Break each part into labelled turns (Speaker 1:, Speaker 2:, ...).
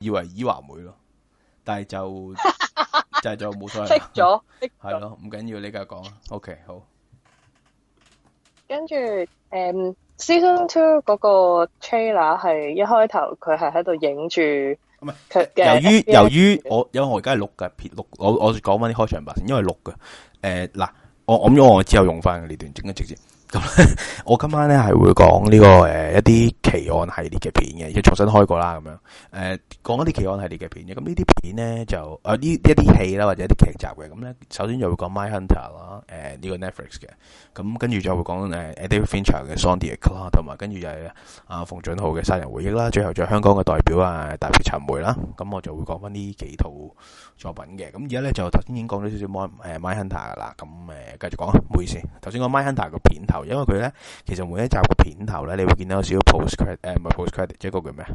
Speaker 1: 以為以華妹咯，但係就 就就冇所謂，熄咗係咯，唔緊要，你繼續講啦 OK 好。
Speaker 2: 跟住誒、嗯、，Season Two 嗰個 trailer 係一開頭，佢係喺度影住佢。由於由於
Speaker 1: 我因為我而家係錄噶，錄我我講翻啲開場白先，因為錄噶誒嗱，我我咁我之後用翻呢段，整得直接。咁 我今晚咧係會講呢、這個誒、呃、一啲奇案系列嘅片嘅，要重新開過啦咁樣。誒、呃、講一啲奇案系列嘅片嘅，咁呢啲片咧就誒呢、呃、一啲戲啦，或者一啲劇集嘅。咁、嗯、咧首先就會講《Mindhunter》啦，誒、呃、呢、這個 Netflix 嘅。咁跟住就會講誒 David Fincher 嘅《呃、fin Zodiac》啦，同埋跟住就係阿奉俊昊嘅《殺人回憶》啦。最後就香港嘅代表啊，踏血尋梅啦。咁、嗯、我就會講翻呢幾套作品嘅。咁而家咧就頭先已經講咗少少《Mindhunter 誒 Mindhunter》啦、嗯，咁誒繼續講，唔好意思，頭先講《Mindhunter》個片頭。因為佢咧，其實每一集個片頭咧，你會見到有少少 post credit，誒唔係 post credit，即係嗰句咩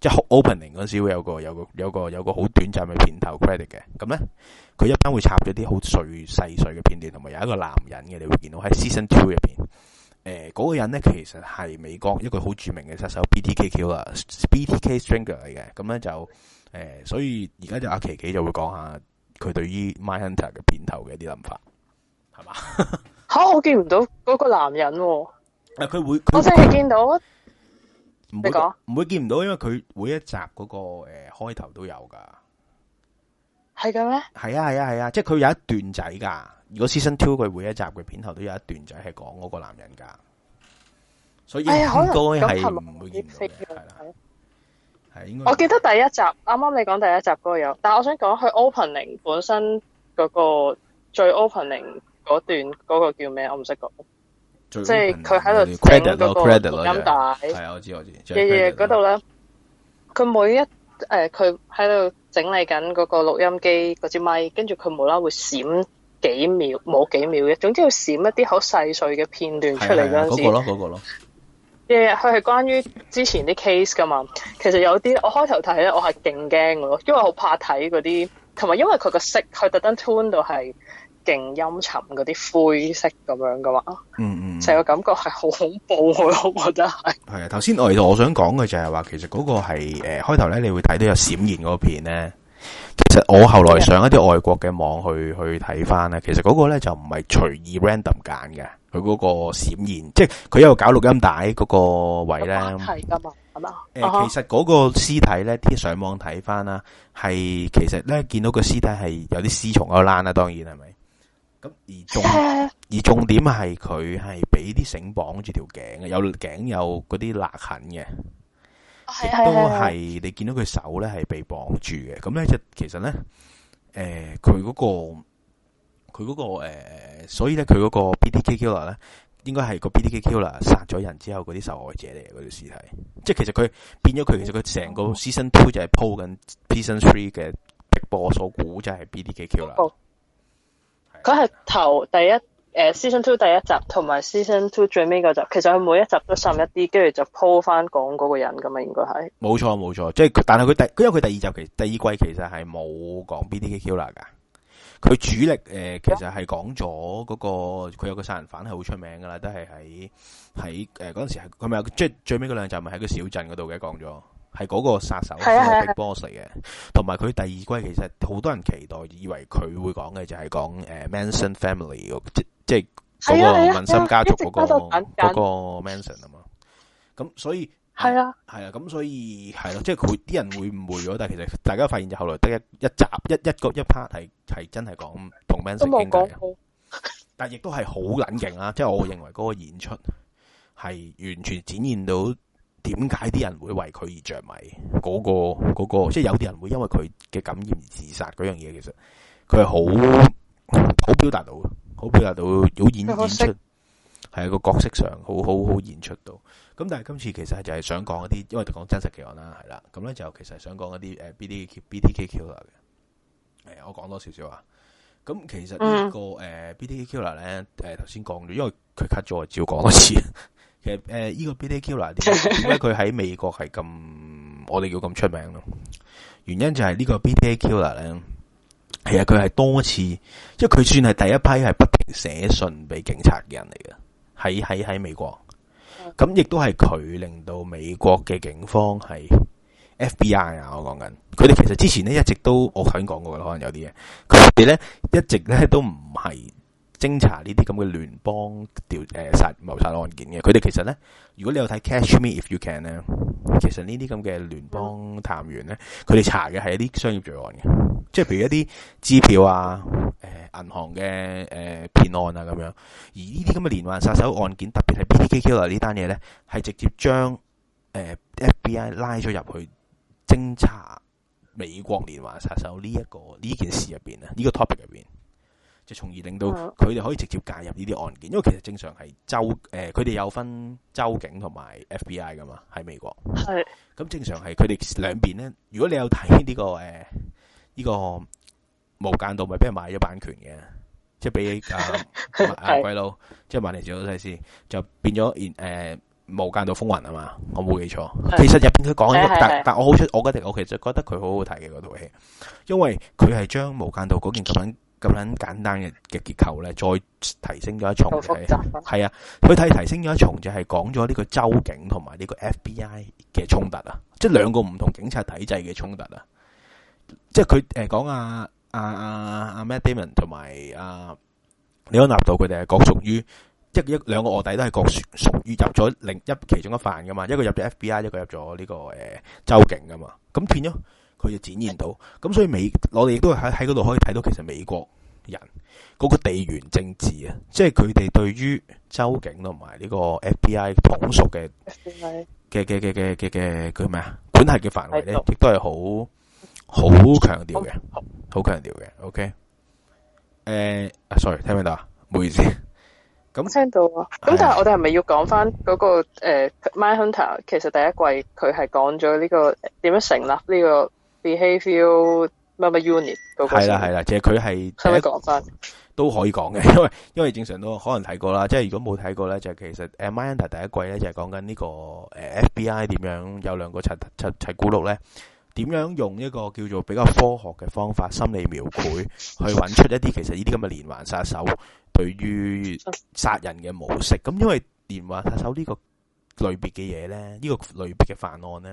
Speaker 1: 即係好 opening 嗰時會有個有個有個有個好短暫嘅片頭 credit 嘅。咁咧，佢一般會插咗啲好碎細碎嘅片段，同埋有一個男人嘅，你會見到喺 season two 入邊，誒、呃、嗰、那個人咧其實係美國一個好著名嘅殺手 BTK Killer 啦，BTK Strangler 嚟嘅。咁咧、er、就，誒、呃、所以而家就阿琪琪就會講一下佢對於 Mindhunter 嘅片頭嘅一啲諗法，係
Speaker 2: 嘛？ 吓、哦、我見唔到嗰個男人喎、
Speaker 1: 哦。佢、啊、會，會我真係見到。會你講說唔會，會見唔到，因為佢每一集嗰、那個誒、呃、開頭都有噶。
Speaker 2: 係嘅咩？
Speaker 1: 係啊係啊係啊，啊，即係佢有一段仔噶。如果 Season 2佢每一集嘅片頭都有一段仔係講嗰個男人噶，所以、哎、應該係唔會見到嘅。係
Speaker 2: 係的
Speaker 1: 的應該。我
Speaker 2: 記得第一集，啱啱你講第一集嗰個有，但係我想講佢 opening 本身嗰個最 opening。嗰段嗰、嗰個叫咩？我
Speaker 1: 唔識講，即係佢喺度整嗰個音帶。係我知我知，日日
Speaker 2: 嗰度咧，佢、嗯、每一誒，佢喺度整理緊嗰個錄音機嗰支咪，跟住佢無啦會閃幾秒，冇幾秒嘅，總之佢閃一啲好細碎嘅片段出嚟嗰陣時。嗰、嗰個
Speaker 1: 咯，嗰、嗰個
Speaker 2: 咯，日日佢係關於之前啲 case 噶嘛。其實有啲我開頭睇咧，我係勁驚咯，因為好怕睇嗰啲，同埋因為佢個色，佢特登 tune 到係。勁陰沉，嗰啲灰色咁樣噶嘛，
Speaker 3: 嗯嗯，成個感覺係好恐怖，我
Speaker 1: 覺得係係啊。頭先我我想講嘅就係話，其實嗰個係誒開頭咧，呃、你會睇到有閃現嗰片咧。其實我後來上一啲外國嘅網去去睇翻咧，其實嗰個咧就唔係隨意 random 揀嘅。佢嗰個閃現，即係佢有搞錄音帶嗰個位咧係噶嘛係嘛誒，其實嗰個屍體咧，啲上網睇翻啦，係其實咧見到個屍體係有啲屍蟲嗰爛啦，當然係咪？是不是咁而重而重點係佢係俾啲繩綁住條頸嘅，有頸有嗰啲勒痕嘅，亦都係你見到佢手咧係被綁住嘅。咁咧就其實咧，誒佢嗰個佢嗰，嗰個誒、呃，所以咧佢嗰個 BTK Killer 啦，應該係個 BTK Killer 啦，殺咗人之後嗰啲受害者嚟，嗰條屍體，即係其實佢變咗佢，其實佢成個 Season 2就係鋪緊 season three 嘅直播所估，就係 BTK Killer 啦。
Speaker 2: 佢係頭第一，誒，season two 第一集同埋 season two 最尾嗰集，其實佢每一集都滲一啲，跟住就鋪翻講嗰個人咁嘛，應該係。
Speaker 1: 冇錯冇錯，即係，但係佢第，因為佢第二集其第二季其實係冇講 BTK 啦，佢主力誒，其實係講咗嗰個，佢有個殺人犯係好出名噶啦，都係喺喺誒嗰陣時係，佢咪即係最尾嗰兩集咪喺個小鎮嗰度嘅講咗。係嗰個殺手 Big Boss 嚟嘅，同埋佢第二季其實好多人期待，以為佢會講嘅就係講誒 Manson family，即即嗰個紋心家族嗰個 Manson 啊嘛。咁所以係啊，係啊，咁所以係咯，即係佢啲人會誤會咗，但係其實大家發現就後來得一一集一一個一 part 係係真係講同 Manson 傾偈，但亦都係好冷靜啦。即係我認為嗰個演出係完全展現到。點解啲人會為佢而着迷？嗰、那個個，即、那、係、個就是，有啲人會因為佢嘅感染而自殺嗰樣嘢，其實佢係好好表達到，好表達到，好演演出，係一個角色上好好好演出到。咁但係今次其實就係想講一啲，因為講真實奇案啦，係啦。咁咧就其實係想講一啲誒 B D K, B T K Killer 啦。誒，我講多少少啊。咁其實呢、這個誒、嗯呃、B T K Killer 啦咧，誒頭先講咗，因為佢 cut 咗，我只要講多次。 其實誒，呢個 BTK Killer 啦，點解佢喺美國係咁我哋叫咁出名咯？原因就係呢個 BTK Killer 咧，係啊，佢係多次，即係佢算係第一批係不停寫信俾警察嘅人嚟嘅，喺喺喺美國，咁亦都係佢令到美國嘅警方係 FBI 啊！我講緊，佢哋其實之前咧一直都，我頭先講過啦，可能有啲嘢，佢哋咧一直咧都唔係。偵查呢啲咁嘅聯邦調誒殺謀殺案件嘅，佢哋其實咧，如果你有睇《Catch Me If You Can》咧，其實呢啲咁嘅聯邦探員咧，佢哋查嘅係一啲商業罪案嘅，即係譬如一啲支票啊、誒銀行嘅誒騙案啊咁樣。而呢啲咁嘅連環殺手案件，特別係 BTK 來呢單嘢咧，係直接將 FBI 拉咗入去偵查美國連環殺手呢、呢、一個呢件事入面啊，呢、呢個 topic 入面。就從而令到佢哋可以直接介入呢啲案件，因為其實正常係州誒，佢哋有分州警同埋 FBI 噶嘛，喺美國。咁是 正常係佢哋兩邊咧，如果你有睇呢個誒、呃、呢個無間道，咪俾人買咗版權嘅，即係俾啊鬼佬，即係買嚟做老細先就變咗然、呃、無間道風雲啊嘛，我冇記錯。是 其實入面佢講緊，但是的 但我好出我覺得我其實覺得佢好好睇嘅嗰套戲，因為佢係將無間道嗰件作品。咁樣簡單嘅嘅結構咧，再提升咗一重，係啊，佢睇提升咗一重就係講咗呢個州警同埋呢個 FBI 嘅衝突啊，即係兩個唔同警察體制嘅衝突是他、呃、啊，即係佢誒講啊，阿阿阿 Matt Damon 同埋阿李安納度，佢哋係各屬於即一兩個臥底都係各屬於入咗另一其中一範噶嘛，一個入咗 FBI，一個入咗呢、這個誒、呃、州警噶嘛，咁變咗。佢就展現到，咁所以美，我哋亦都喺喺嗰度可以睇到，其實美國人嗰個地緣政治啊，即係佢哋對於州境同埋呢個 FBI 統屬嘅嘅嘅嘅嘅嘅嘅叫咩啊？管轄嘅範圍咧，亦都係好好強調嘅，好強調嘅。OK，誒，啊，sorry，聽唔聽到？唔好意思。
Speaker 2: 咁聽到啊，咁但係我哋係咪要講翻嗰個 Mindhunter》uh,？其實第一季佢係講咗呢個點樣成立呢個？behavior 乜乜 unit 係
Speaker 1: 啦，係啦，即係佢係。講翻、啊？都、就是、可以講嘅，因為因為正常都可能睇過啦。即係如果冇睇過咧，就係、其實《Mindhunter》第一季咧就係講緊呢個誒 FBI 點樣有兩個齊賊賊古碌咧，點樣用一個叫做比較科學嘅方法心理描繪去揾出一啲其實呢啲咁嘅連環殺手對於殺人嘅模式。咁、啊、因為連環殺手呢個類別嘅嘢咧，呢、這個類別嘅犯案咧。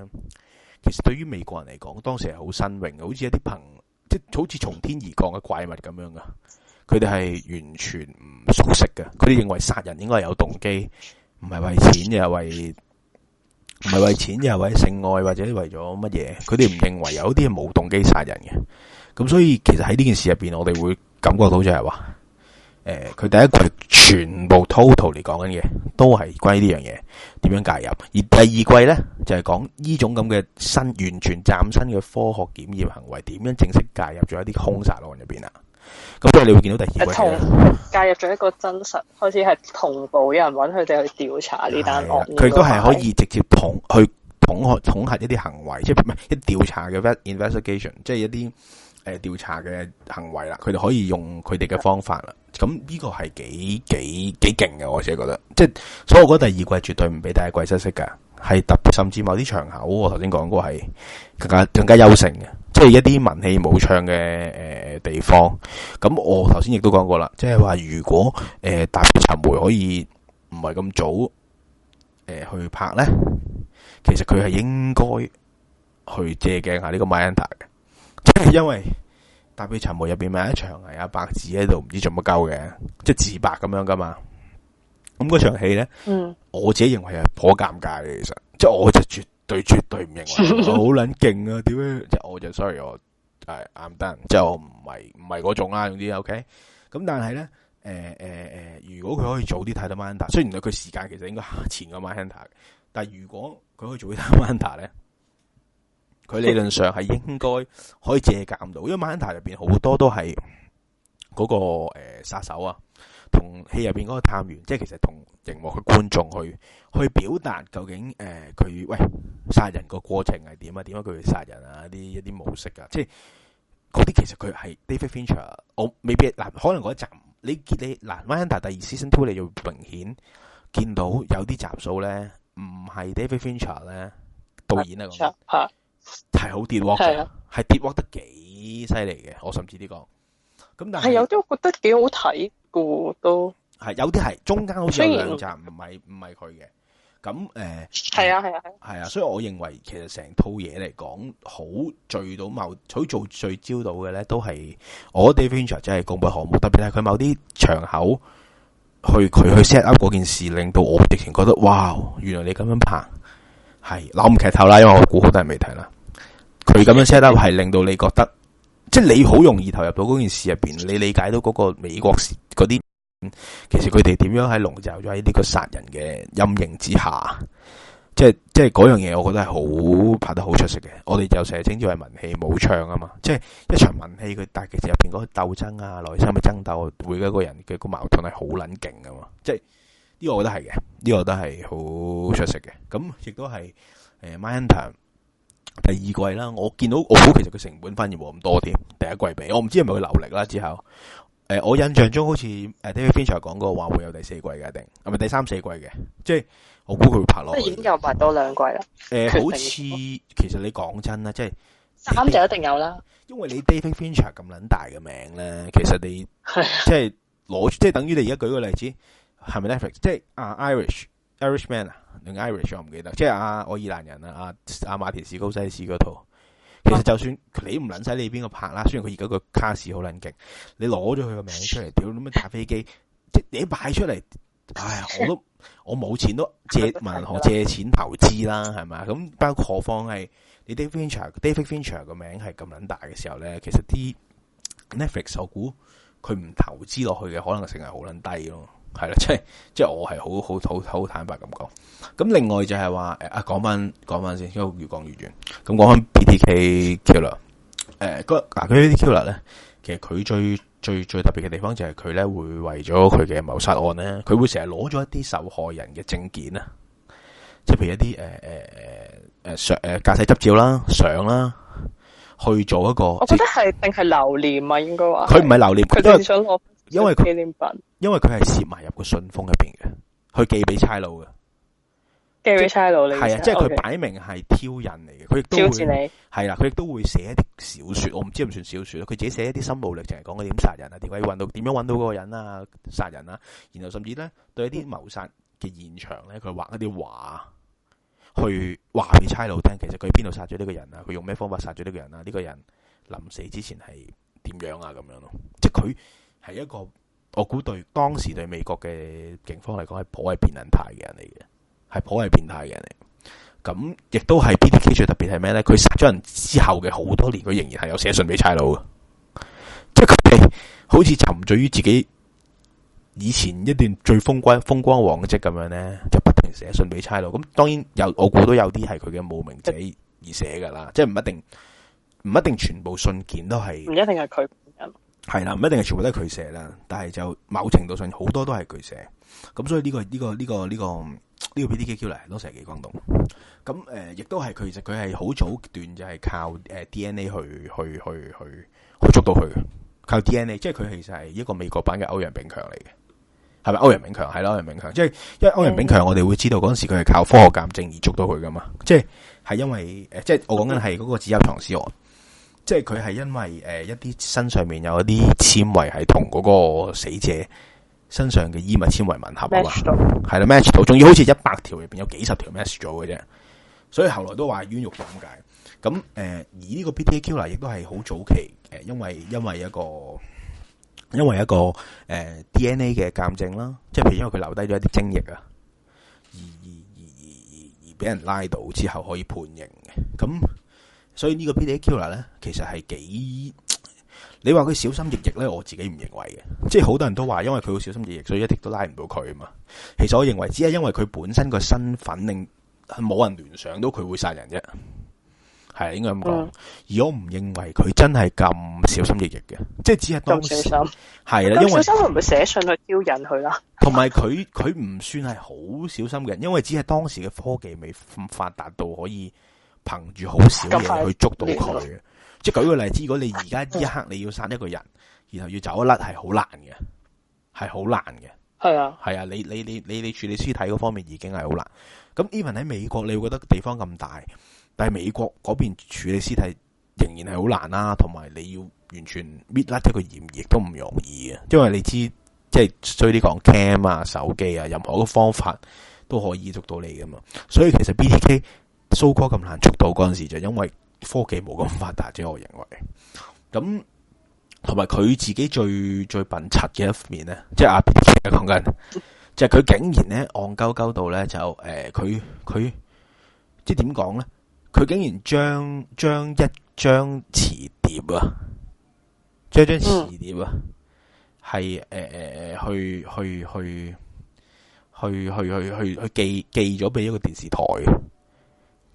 Speaker 1: 其實對於美國人嚟講，當時係好新穎嘅，好似一啲朋，即好似從天而降嘅怪物咁樣嘅。佢哋係完全唔熟悉嘅，佢哋認為殺人應該係有動機，唔係為錢又係為唔係為錢又係為性愛或者為咗乜嘢。佢哋唔認為有啲係冇動機殺人嘅。咁所以其實喺呢件事入邊，我哋會感覺到就係話。誒，佢、呃、第一季全部 total 嚟講緊嘢，都係關於呢樣嘢點樣介入；而第二季咧，就係講呢種咁嘅新完全嶄新嘅科學檢驗行為，點樣正式介入咗一啲兇殺案入邊啊？咁即係你會見到第二季呢介入咗一個
Speaker 2: 真實，開始係同步有人揾佢哋去調查呢單案。
Speaker 1: 佢、啊、都係可以直接捅去捅害、捅吓一啲行為，即係唔係一調查嘅 investigation，即係一啲。誒調查嘅行為啦，佢哋可以用佢哋嘅方法啦，咁呢個係幾幾幾勁嘅。我自己覺得，即係所以我覺得第二季絕對唔俾第一季失色㗎。係特別甚至某啲場口，我頭先講過係更加更加優勝嘅，即係一啲文氣武唱嘅誒地方。咁我頭先亦都講過啦，即係話如果誒、呃、踏血尋梅可以唔係咁早誒、呃、去拍咧，其實佢係應該去借鏡下呢個 Mindhunter。即係因為踏血尋梅入邊，每一場係有白紙喺度，唔知做乜鳩嘅，即係自白咁樣噶嘛。咁嗰場戲咧，嗯、我自己認為係頗尷尬嘅，其實即係我就絕對絕對唔認為好撚勁啊！點樣， 即係我就 sorry 我係啱得即係我就唔係唔係嗰種啦、啊，總之 OK。咁但係咧，誒誒誒，如果佢可以早啲睇到 Manta，雖然佢佢時間其實應該前個 Manta，但係如果佢可以早啲睇 Manta 咧。佢理論上係應該可以借鑑到，因為《Mindhunter》入邊好多都係嗰、那個誒、呃、殺手啊，同戲入邊嗰個探員，即係其實同熒幕嘅觀眾去去表達究竟誒佢、呃、喂殺人個過程係點啊？點解佢會殺人啊？啲一啲模式啊，即係嗰啲其實佢係 David Fincher，我未必嗱，可能嗰一集你見你嗱《Mindhunter》第二 Season Two，你要明顯見到有啲集數咧，唔係 David Fincher 咧導演啊咁啊。係好跌，係啊，係跌跌得幾犀利嘅。我甚至呢個咁，但係有啲我覺得幾好睇嘅，都係有啲係中間好似有兩集唔係唔係佢嘅。咁誒，係、呃、啊係啊係啊，所以我認為其實成套嘢嚟講，好聚到某，好做聚焦到嘅咧，都係我覺得 Fincher 真係功不可沒，特別係佢某啲場口去佢去 set up 嗰件事，令到我直情覺得哇，原來你咁樣拍係。嗱，我唔劇透啦，因為我估好多人未睇啦。佢咁樣 set up 係令到你覺得，即係你好容易投入到嗰件事入邊。你理解到嗰個美國嗰啲，其實佢哋點樣喺籠罩喺呢個殺人嘅陰影之下，即係即係嗰樣嘢，我覺得係好拍得好出色嘅。我哋就成日稱之為文戲武唱啊嘛，即係一場文戲。佢但係其實入邊嗰啲鬥爭啊、內心嘅爭鬥，每一個人嘅個矛盾係好撚勁噶嘛，即係呢個我覺得係嘅，呢個都係好出色嘅。咁亦都係誒，第二季啦，我見到我估其實佢成本反而冇咁多啲，第一季比，我唔知係咪佢留力啦之後。誒、呃，我印象中好似誒 David Fincher 講過話會有第四季嘅，一定係咪第三四季嘅？即係我估佢會拍落去。即係已經
Speaker 2: 又拍多兩季啦。誒，好似
Speaker 1: 其實你講真啦，即係
Speaker 2: 三就一
Speaker 1: 定有啦。因為你 David Fincher 咁撚大嘅名咧，其實你的即係攞，即係等於你而家舉個例子，係咪 Netflix 即係啊、uh,，Irish Irishman 啊。Irish 我唔記得，即係阿愛爾蘭人啊，阿、啊、阿馬田士高西士嗰套，啊、其實就算你唔撚使你邊個拍啦，雖然佢而家個卡士好撚勁，你攞咗佢個名出嚟，屌你咪搭飛機，即係你擺出嚟，唉，我都我冇錢都借銀行借錢投資啦，係咪？咁包括何況係你 David Fincher，David Fincher 個名係咁撚大嘅時候咧，其實啲 Netflix 我估佢唔投資落去嘅可能性係好撚低咯。係啦，即係即係我係好好好好坦白咁講。咁另外就係話誒，返、啊、講翻講翻先，因為越講越遠。咁講翻 BTK killer，誒、呃，嗱佢啲 killer 咧，其實佢最最最特別嘅地方就係佢咧會為咗佢嘅謀殺案咧，佢會成日攞咗一啲受害人嘅證件啊，即係譬如一啲誒誒誒誒誒駕駛執照啦、相啦，去做一個。我覺
Speaker 2: 得係定係留念啊，應該話。佢
Speaker 1: 唔係留念，佢都、就
Speaker 2: 是、想攞因為佢，
Speaker 1: 因為佢係攝埋入個信封入邊嘅，去寄俾差佬嘅，
Speaker 2: 寄俾差佬你係啊，是的即係佢擺
Speaker 1: 明係挑釁嚟嘅，佢亦的都會係啦，佢亦都會寫一啲小說。我唔知算唔算小說，佢自己寫一啲心暴力，淨係講佢點殺人啊，點解要揾到點樣揾到嗰個人啊，殺人啊。然後甚至咧對一啲謀殺嘅現場咧，佢畫一啲畫去話俾差佬聽，其實佢邊度殺咗呢個人啊？佢用咩方法殺咗呢個人啊？呢個人臨死之前係點樣啊？咁樣咯，即係佢。係一個，我估對當時對美國嘅警方嚟講係頗為變態嘅人嚟嘅，係頗為變態嘅人嚟。咁亦都係 BTK 最特別係咩咧？佢殺咗人之後嘅好多年，佢仍然係有寫信俾差佬，即係佢哋好似沉醉於自己以前一段最風光風光往跡咁樣咧，就不停寫信俾差佬。咁當然有，我估都有啲係佢嘅慕名者而寫噶啦，即係唔一定，唔一定全部信件都係唔一定係佢。係啦，唔一定係全部都係佢寫啦，但係就某程度上好多都係佢寫，咁所以呢、這個呢、這個呢、這個呢、這個呢、這個 B T K Q 嚟，都成幾轟動。咁誒、呃，亦都係佢其實佢係好早段就係靠誒 D N A 去去去去去，去捉到佢嘅，靠 D N A，即係佢其實係一個美國版嘅歐陽炳強嚟嘅，係咪歐陽炳強？係咯，歐陽炳強，即係因為歐陽炳強，我哋會知道嗰陣時佢係靠科學鑑證而捉到佢噶嘛，即係係因為誒，即係我講緊係嗰個紙盒藏屍案。即係佢係因為誒、呃、一啲身上面有一啲纖維係同嗰個死者身上嘅衣物纖維吻合啊嘛，係啦 match 到，仲要好似一百條入邊有幾十條 match 咗嘅啫，所以後來都話冤獄咁解。咁誒、呃、而呢個 BTAQ 嚟，亦都係好早期誒，因為因為一個因為一個誒、呃、DNA 嘅鑒證啦，即係譬如因為佢留低咗一啲精液啊，而而而而而俾人拉到之後可以判刑嘅，咁。所以呢個 p d t r k i l l e r 咧，其實係幾你話佢小心翼翼咧，我自己唔認為嘅，即係好多人都話，因為佢好小心翼翼，所以一直都拉唔到佢嘛。其實我認為只係因為佢本身個身份令冇人聯想到佢會殺人啫，係應該咁講。嗯、而我唔認為佢真係咁小心翼翼嘅，即係只係當時係啦，的因為，因為小心佢唔會寫
Speaker 2: 信去招引佢啦？
Speaker 1: 同埋佢佢唔算係好小心嘅人，因為只係當時嘅科技未發達到可以。憑住好少嘢去捉到佢，即係舉個例子，如果你而家呢一刻你要殺一個人，嗯、然後要走甩係好難嘅，係好難嘅。係啊的，係啊，你你你你你處理屍體嗰方面已經係好難，咁 even 喺美國你會覺得地方咁大，但係美國嗰邊處理屍體仍然係好難啦、啊，同埋、嗯、你要完全搣甩咗個嫌疑都唔容易嘅，因為你知即係衰啲講 cam 啊、手機啊，任何個方法都可以捉到你噶嘛，所以其實 BTK。蘇哥咁難捉到嗰陣時候，就因為科技冇咁發達啫。嗯、我認為咁同埋，佢自己最最笨柒嘅一面咧、就是嗯呃，即係阿 B T K 講緊，就係佢竟然咧，戇鳩鳩到咧就誒，佢佢即係點講咧？佢竟然將將一張磁碟啊，將一張磁碟啊，係誒誒去去去去去去去去，去寄寄咗俾一個電視台。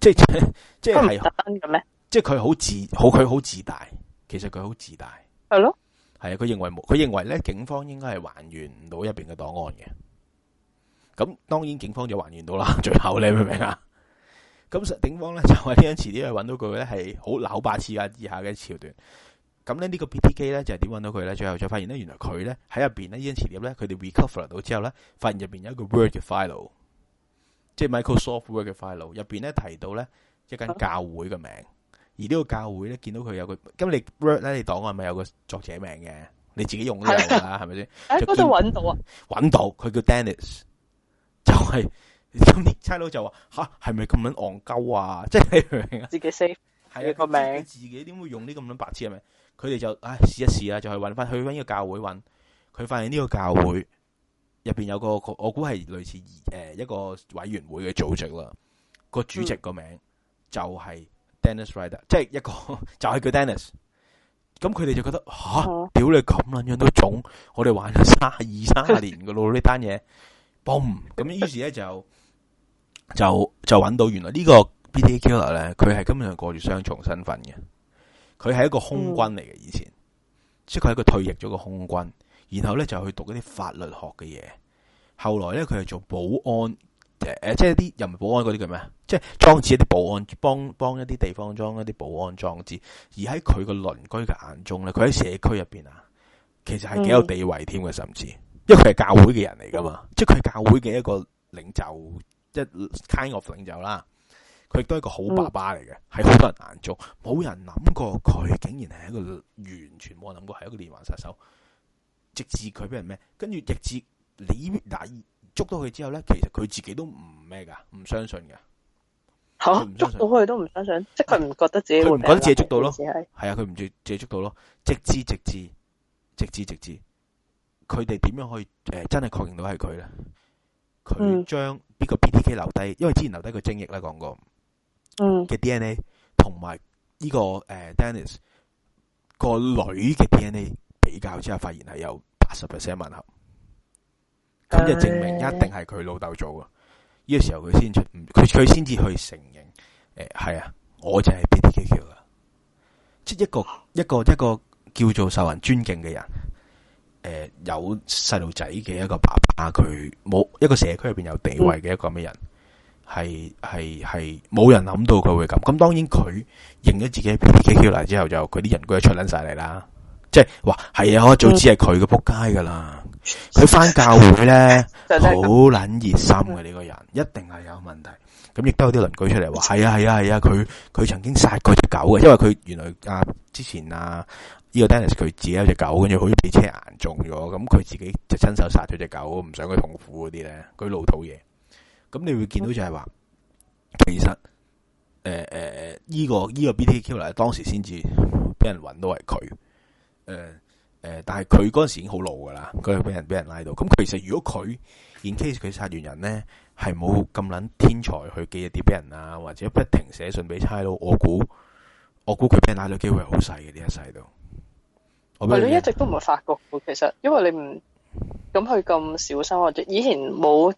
Speaker 1: 即係即係，佢特登嘅咩？即係佢好自，好佢好自大。其實佢好自大，係咯的？係啊，佢認為冇，佢認為咧，警方應該係還原唔到入邊嘅檔案嘅。咁當然，警方就還原到啦。最後你明唔明啊？咁實警方咧就係呢樣磁碟去搵到佢咧，係好扭把次啊以下嘅橋段。咁咧呢、這個 BTK 咧就係點搵到佢咧？最後再發現咧，原來佢咧喺入邊呢呢樣磁碟咧，佢哋 recover 到之後咧，發現入邊有一個 word 嘅 file。即係 Microsoft Word 嘅 file 入邊咧提到咧一間教會嘅名，啊、而呢個教會咧見到佢有個咁你 Word 咧你檔係咪有個作者名嘅？你自己用呢樣啦，係咪先？喺嗰度揾到啊？揾到，佢叫 Dennis，就係咁啲差佬就話吓係咪咁樣戇鳩啊？即係自己 save 係個名，自己點會用呢咁樣白癡嘅名？佢哋 就唉試、啊、一試啊，就去揾翻去搵呢個教會揾，佢發現呢個教會。入邊有個我估係類似誒一個委員會嘅組織啦，個主席個名就係 Dennis Rader，即係一個就係、是、叫 Dennis。咁佢哋就覺得吓，嗯、屌你咁卵樣都種，我哋玩咗卅二三年㗎咯呢單嘢，boom！咁於是咧就就就揾到原來呢個 BTK Killer 咧，佢係根本上過住雙重身份嘅，佢係一個空軍嚟嘅、嗯、以前，即係佢係一個退役咗嘅空軍。然後咧就去讀嗰啲法律學嘅嘢。後來咧佢係做保安，誒、呃、即係啲又唔係保安嗰啲叫咩啊？即係裝置一啲保安，幫幫一啲地方裝一啲保安裝置。而喺佢個鄰居嘅眼中咧，佢喺社區入邊啊，其實係幾有地位添嘅，甚至因為佢係教會嘅人嚟噶嘛，嗯、即係佢係教會嘅一個領袖，即係 kind of, of 領袖啦。佢亦都係一個好爸爸嚟嘅，係好、嗯、多人眼中冇人諗過佢竟然係一個完全冇人諗過係一個連環殺手。直至佢俾人咩，跟住直至你嗱捉到佢之後咧，其實佢自己都唔咩噶，唔相信噶。吓、啊，捉到佢都唔相信，相信啊、即係佢唔覺得自己，佢唔覺得自己捉到咯。係啊，佢唔自自己捉到咯。直至直至直至直至，佢哋點樣可以誒、呃、真係確認到係佢咧？佢將呢個 BTK 留低，因為之前留低個精液咧講過。嘅 DNA 同埋呢個誒、呃、Dennis 個女嘅 DNA。比較之後發現係有八十 percent 吻合，咁就證明一定係佢老豆做嘅。呢、這個時候佢先出，佢佢先至去承認誒，係、哎、啊，我就係 BTK 啦。即係一個一個一個叫做受人尊敬嘅人，誒、哎，有細路仔嘅一個爸爸，佢冇一個社區入邊有地位嘅一個咩人，係係係冇人諗到佢會咁。咁當然佢認咗自己 BTK 嚟之後，就佢啲人嗰一出捻晒嚟啦。即係，話，係啊！我早知係佢個仆街噶啦。佢翻教會咧，好撚熱心嘅呢個人，一定係有問題。咁亦都有啲鄰居出嚟話，係啊，係啊，係啊，佢佢、啊、曾經殺過隻狗嘅，因為佢原來啊之前啊呢個 Dennis 佢自己有隻狗，跟住好似畀車硬中咗，咁佢自己就親手殺咗隻狗，唔想佢痛苦嗰啲咧，佢老土嘢。咁你會見到就係話，其實誒誒呢個呢個 BTK 嚟，當時先至俾人揾到係佢。誒誒、呃，但係佢嗰陣時已經好老噶啦，佢俾人俾人拉到。咁其實如果佢 in case 佢殺完人咧，係冇咁捻天才去寄一啲俾人啊，或者不停寫信俾差佬，我估我估佢俾人拉到機會係好細嘅呢一世度。我係你，你一
Speaker 2: 直都唔係發覺其實，因為你唔咁佢咁小心，或者以前冇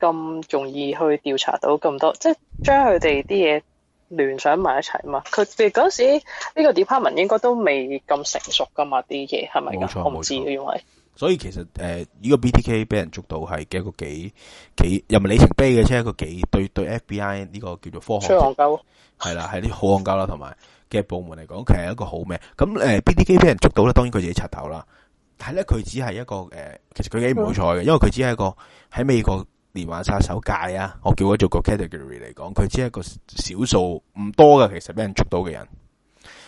Speaker 2: 咁容易去調查到咁多，即係將佢哋啲嘢，聯想埋一齊啊嘛！佢哋嗰時呢、這個 department 應該都未咁成熟噶嘛，啲嘢係咪我唔知，錯因為
Speaker 1: 所以其實誒呢、呃這個 BTK 俾人捉到係一個幾幾又唔係里程碑嘅，啫一個幾對對，對 FBI 呢個叫做科學。吹憨鳩係啦，係啲好憨鳩啦，同埋嘅部門嚟講，其實係一個好咩？咁、呃、BTK 俾人捉到咧，當然佢自己插頭啦。但係咧，佢只係一個、呃、其實佢幾唔好彩嘅，嗯、因為佢只係一個喺美國。連環殺手界啊，我叫佢做個 category 嚟講，佢只係一個少數唔多嘅，其實俾人捉到嘅人。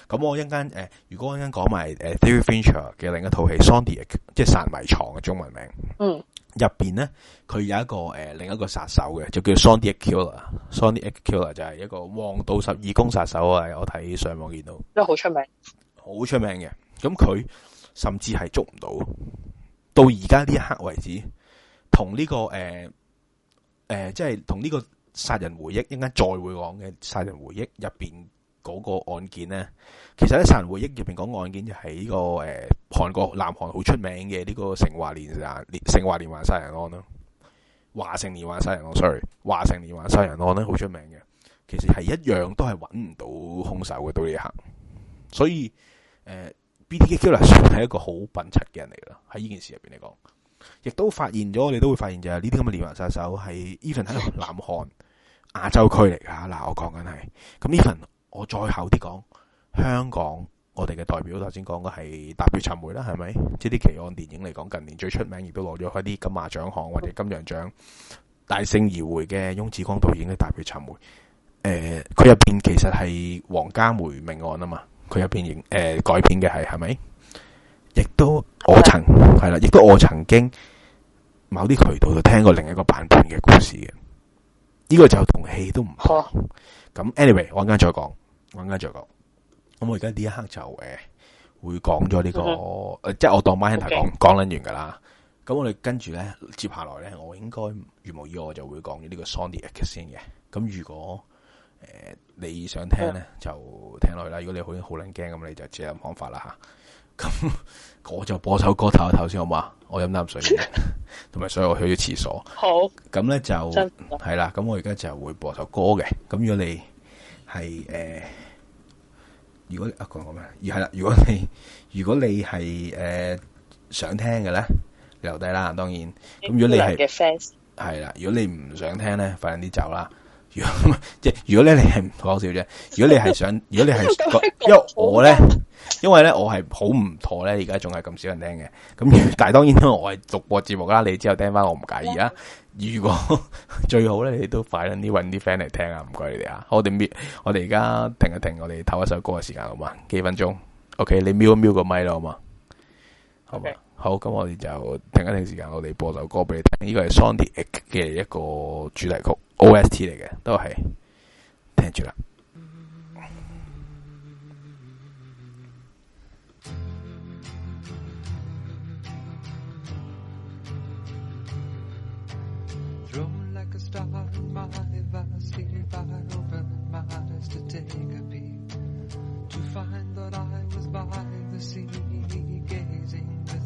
Speaker 1: 咁我一陣間誒，如果一陣間講埋誒、呃、David Fincher 嘅另一套戲《Zodiac》，即係《殺謎藏》嘅中文名。嗯。入邊咧，佢有一個誒、呃，另一個殺手嘅，就叫 Zodiac Killer。Zodiac Killer 就係一個黃道十二宮殺手啊！嗯、我睇，上網見到。都好出名。好出名嘅，咁佢甚至係捉唔到，到而家呢一刻為止，同呢、這個誒。呃誒、呃，即係同呢個《殺人回憶》應該再會講嘅《殺人回憶》入邊嗰個案件咧，其實喺《殺人回憶》入邊嗰個案件就係呢、這個誒，韓、呃、國南韓好出名嘅呢、這個成華連環成華連環殺人案咯，華城連環殺人案，sorry，華城連環殺人案咧好出名嘅，其實係一樣都係揾唔到兇手嘅，到呢一刻。所以誒、呃、BTK 是係一個好笨柒嘅人嚟啦，喺呢件事入邊嚟講。亦都發現咗，你都會發現就係呢啲咁嘅連環殺手係 even 喺南韓亞洲區嚟噶嗱，我講緊係咁，even 我再厚啲講香港，我哋嘅代表頭先講嘅係踏血尋梅啦，係咪？即係啲奇案電影嚟講，近年最出名，亦都攞咗一啲金馬獎項或者金像獎大勝而回嘅翁子光導演嘅踏血尋梅，誒、呃，佢入邊其實係黃家梅命案啊嘛，佢入邊誒改編嘅係係咪？亦都我曾係啦，亦的的都我曾經某啲渠道就聽過另一個版本嘅故事嘅，呢、這個就戲同戲都唔同。咁、啊、anyway，我一陣間再講，我一陣間再講。咁我而家呢一刻就誒會講咗呢個、嗯嗯、即係我當 Mindhunter 講講撚完噶啦。咁我哋跟住咧，接下來咧，我應該如無意外我就會講咗呢個 Zodiac 先嘅。咁如果誒、呃、你想聽咧，就聽落去啦。如果你好好撚驚咁，你就自己諗方法啦吓。咁 我就播首歌唞一唞先好嘛？我飲啖水， 水，同埋所以我去咗廁所。好，咁咧就係啦。咁我而家就會播首歌嘅。咁如果你係誒，如果啊講咩？係啦，如果你如果你係誒想聽嘅咧，留低啦。當然咁，如果你係係啦，如果你唔想聽咧，快啲走啦。如果即係，如果咧你係唔好笑啫。如果你係想，如果你係，因為我咧，因為咧我係好唔妥咧，而家仲係咁少人聽嘅。咁但係當然我係逐過節目啦，你之後聽翻我唔介意啊。如果最好咧，你都快啲搵啲 friend 嚟聽啊，唔該你哋啊。我哋我哋而家停一停，我哋唞一首歌嘅時間好嘛？幾分鐘？O K，你瞄一瞄個咪咯，好嘛？好嘛？OK 好，咁我哋就停一停時間，我哋播首歌俾你聽。呢、這個係《Zodiac》嘅一個主題曲，O S T 嚟嘅，都係聽住啦。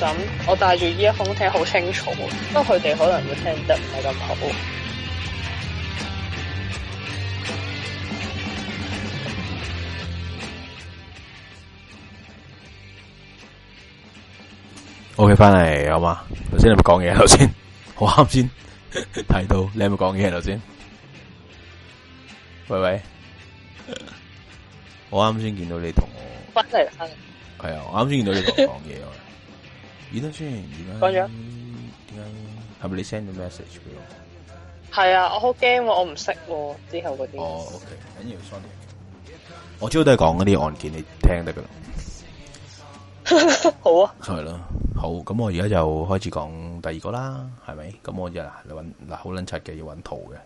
Speaker 2: 咁
Speaker 1: 我帶住呢一封聽好清楚，不過佢哋可能會聽得唔係咁好。OK 翻嚟好嘛？頭先有冇講嘢啊？頭先好啱先睇到你有冇講嘢啊？頭先喂喂，有有說我啱先見到你同我翻嚟啦，係啊，我啱先見到你同我講嘢啊。 而家先，而家講住啊？點解係咪你 send 咗 message
Speaker 2: 俾我？係啊，我好
Speaker 1: 驚、啊，我唔識、啊、之後嗰啲。哦，OK，緊要 sorry。我主要都係講嗰啲案件，你聽得噶啦。
Speaker 2: 好
Speaker 1: 啊。係咯，好。咁我而家就開始講第二個啦，係咪？咁我而家，你揾嗱好捻柒嘅，要揾圖嘅，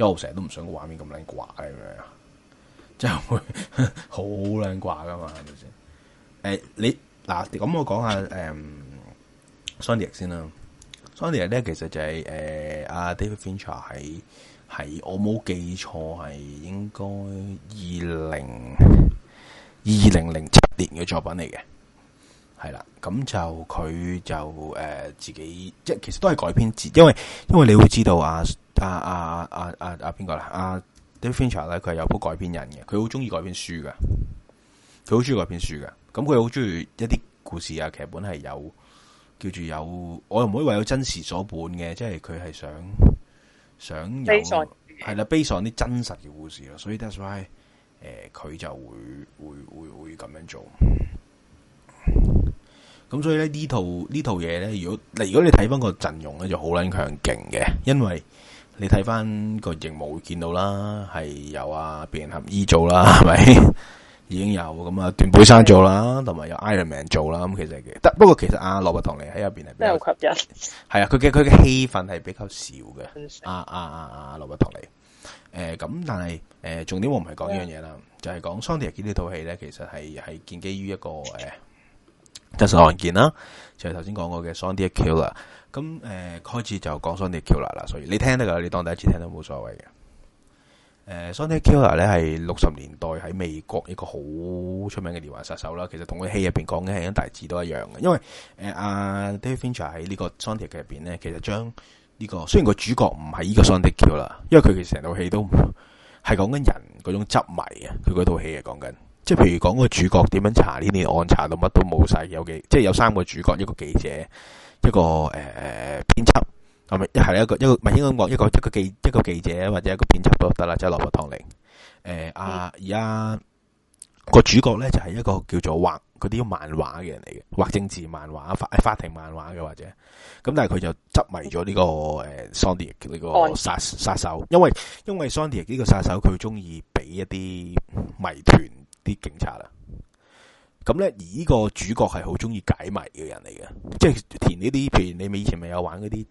Speaker 1: 因為我成日都唔想那個畫面咁捻怪咁樣，即係會好捻怪噶嘛，係咪先？誒、欸，你嗱咁，啊、那我講下誒。嗯《Zodiac、就是》先、呃、啦，《Zodiac》咧、呃，其實就係誒，阿 David Fincher 喺我冇記錯係應該二零二零零七年嘅作品嚟嘅，係啦。咁就佢就誒自己即係其實都係改編自，因為因為你會知道阿阿阿阿阿阿邊個啦，阿、啊啊啊啊啊、David Fincher 咧，佢係有部改編人嘅，佢好中意改編書噶，佢好中意改編書噶。咁佢好中意一啲故事啊，劇本係有。叫住有，我又唔可以話有真實所本嘅，即係佢係想想有係啦 base on 啲真實嘅故事咯，所以 that's why，誒佢就會會會會咁樣做。咁 所以咧呢套，套呢套嘢咧，如果如果你睇翻個陣容咧就好撚強勁嘅，因為你睇翻個熒幕會見到啦，係有啊變合醫做啦，係咪？ 已經有咁啊，段佩山做啦，同埋有 Ironman 做啦。咁其實得，不過其實阿、啊、羅拔唐尼喺入邊係比較吸引。係啊，佢嘅佢嘅戲份係比較少嘅像、啊。啊啊啊，阿羅拔唐尼，誒、呃，咁但係誒、呃，重點我唔係講呢樣嘢啦，就係講《Zodiac》呢套戲咧，其實係係建基於一個誒真實案件啦，就係頭先講過嘅對《Zodiac Killer》咁誒，開始就講《Zodiac Killer》啦，所以你聽得噶，你當第一次聽都冇所謂嘅。誒、uh,，Zodiac Killer 咧係六十年代喺美國一個好出名嘅連環殺手啦。其實同佢戲入邊講嘅係啲大致都一樣嘅。因為誒，阿 David Fincher 喺呢個《Zodiac》劇入邊咧，其實將呢、這個雖然個主角唔係呢個 Zodiac Killer，e 因為佢嘅成套戲都係講緊人嗰種執迷啊。佢嗰套戲係講緊，即、就、係、是，譬如講個主角點樣查呢啲案，查到乜都冇晒，有幾即係、就是、有三個主角，一個記者，一個誒編輯。呃咁咪係一個一個唔係，應該講一個一個，一個記一個記者或者一個編劇都得啦，就是羅伯唐尼啊。誒，阿而家個主角咧就係、是、一個叫做畫嗰啲漫畫嘅人嚟嘅，畫政治漫畫、法、哎、法庭漫畫嘅或者。咁但係佢就執迷咗呢、這個誒，Sondy 呢個殺殺手，因為因為 Sondy 呢個殺手佢中意俾一啲謎團啲警察啦。咁咧而呢個主角係好中意解謎嘅人嚟嘅，即、就、係、是、填呢啲，譬如你咪以前咪有玩嗰啲。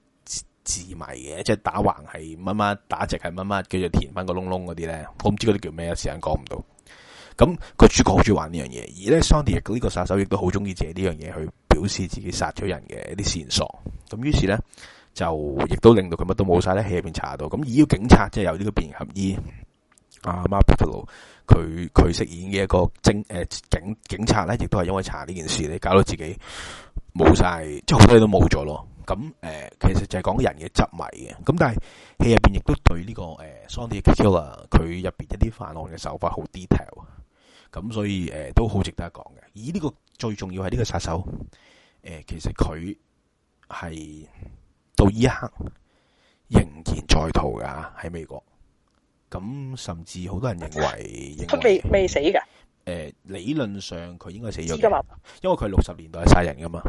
Speaker 1: 字謎嘅，即係打橫係乜乜，打直係乜乜，跟住填翻個窿窿嗰啲咧，我唔知嗰啲叫咩，時間講唔到。咁個主角好中意玩呢樣嘢，而咧桑迪 n 呢個殺手亦都好中意借呢樣嘢去表示自己殺咗人嘅一啲線索。咁於是咧就亦都令到佢乜都冇晒咧喺戲入邊查到。咁而要警察即係由呢個變形俠醫啊 Mark 佢佢飾演嘅一個、呃、警、誒警、警察咧，亦都係因為查呢件事你搞到自己冇晒，即係好多嘢都冇咗咯。咁誒、嗯，其實就係講人嘅執迷嘅。咁但係戲入邊亦都對呢個誒 Zodiac Killer 佢入邊一啲犯案嘅手法好 detail。咁所以誒都好值得講嘅。而呢、呢個最重要係呢個殺手，誒其實佢係到依一刻仍然在逃噶喺美國。咁甚至好多人認為，佢未未死噶。誒，理論上佢應該死咗，因為佢六十年代殺人噶嘛。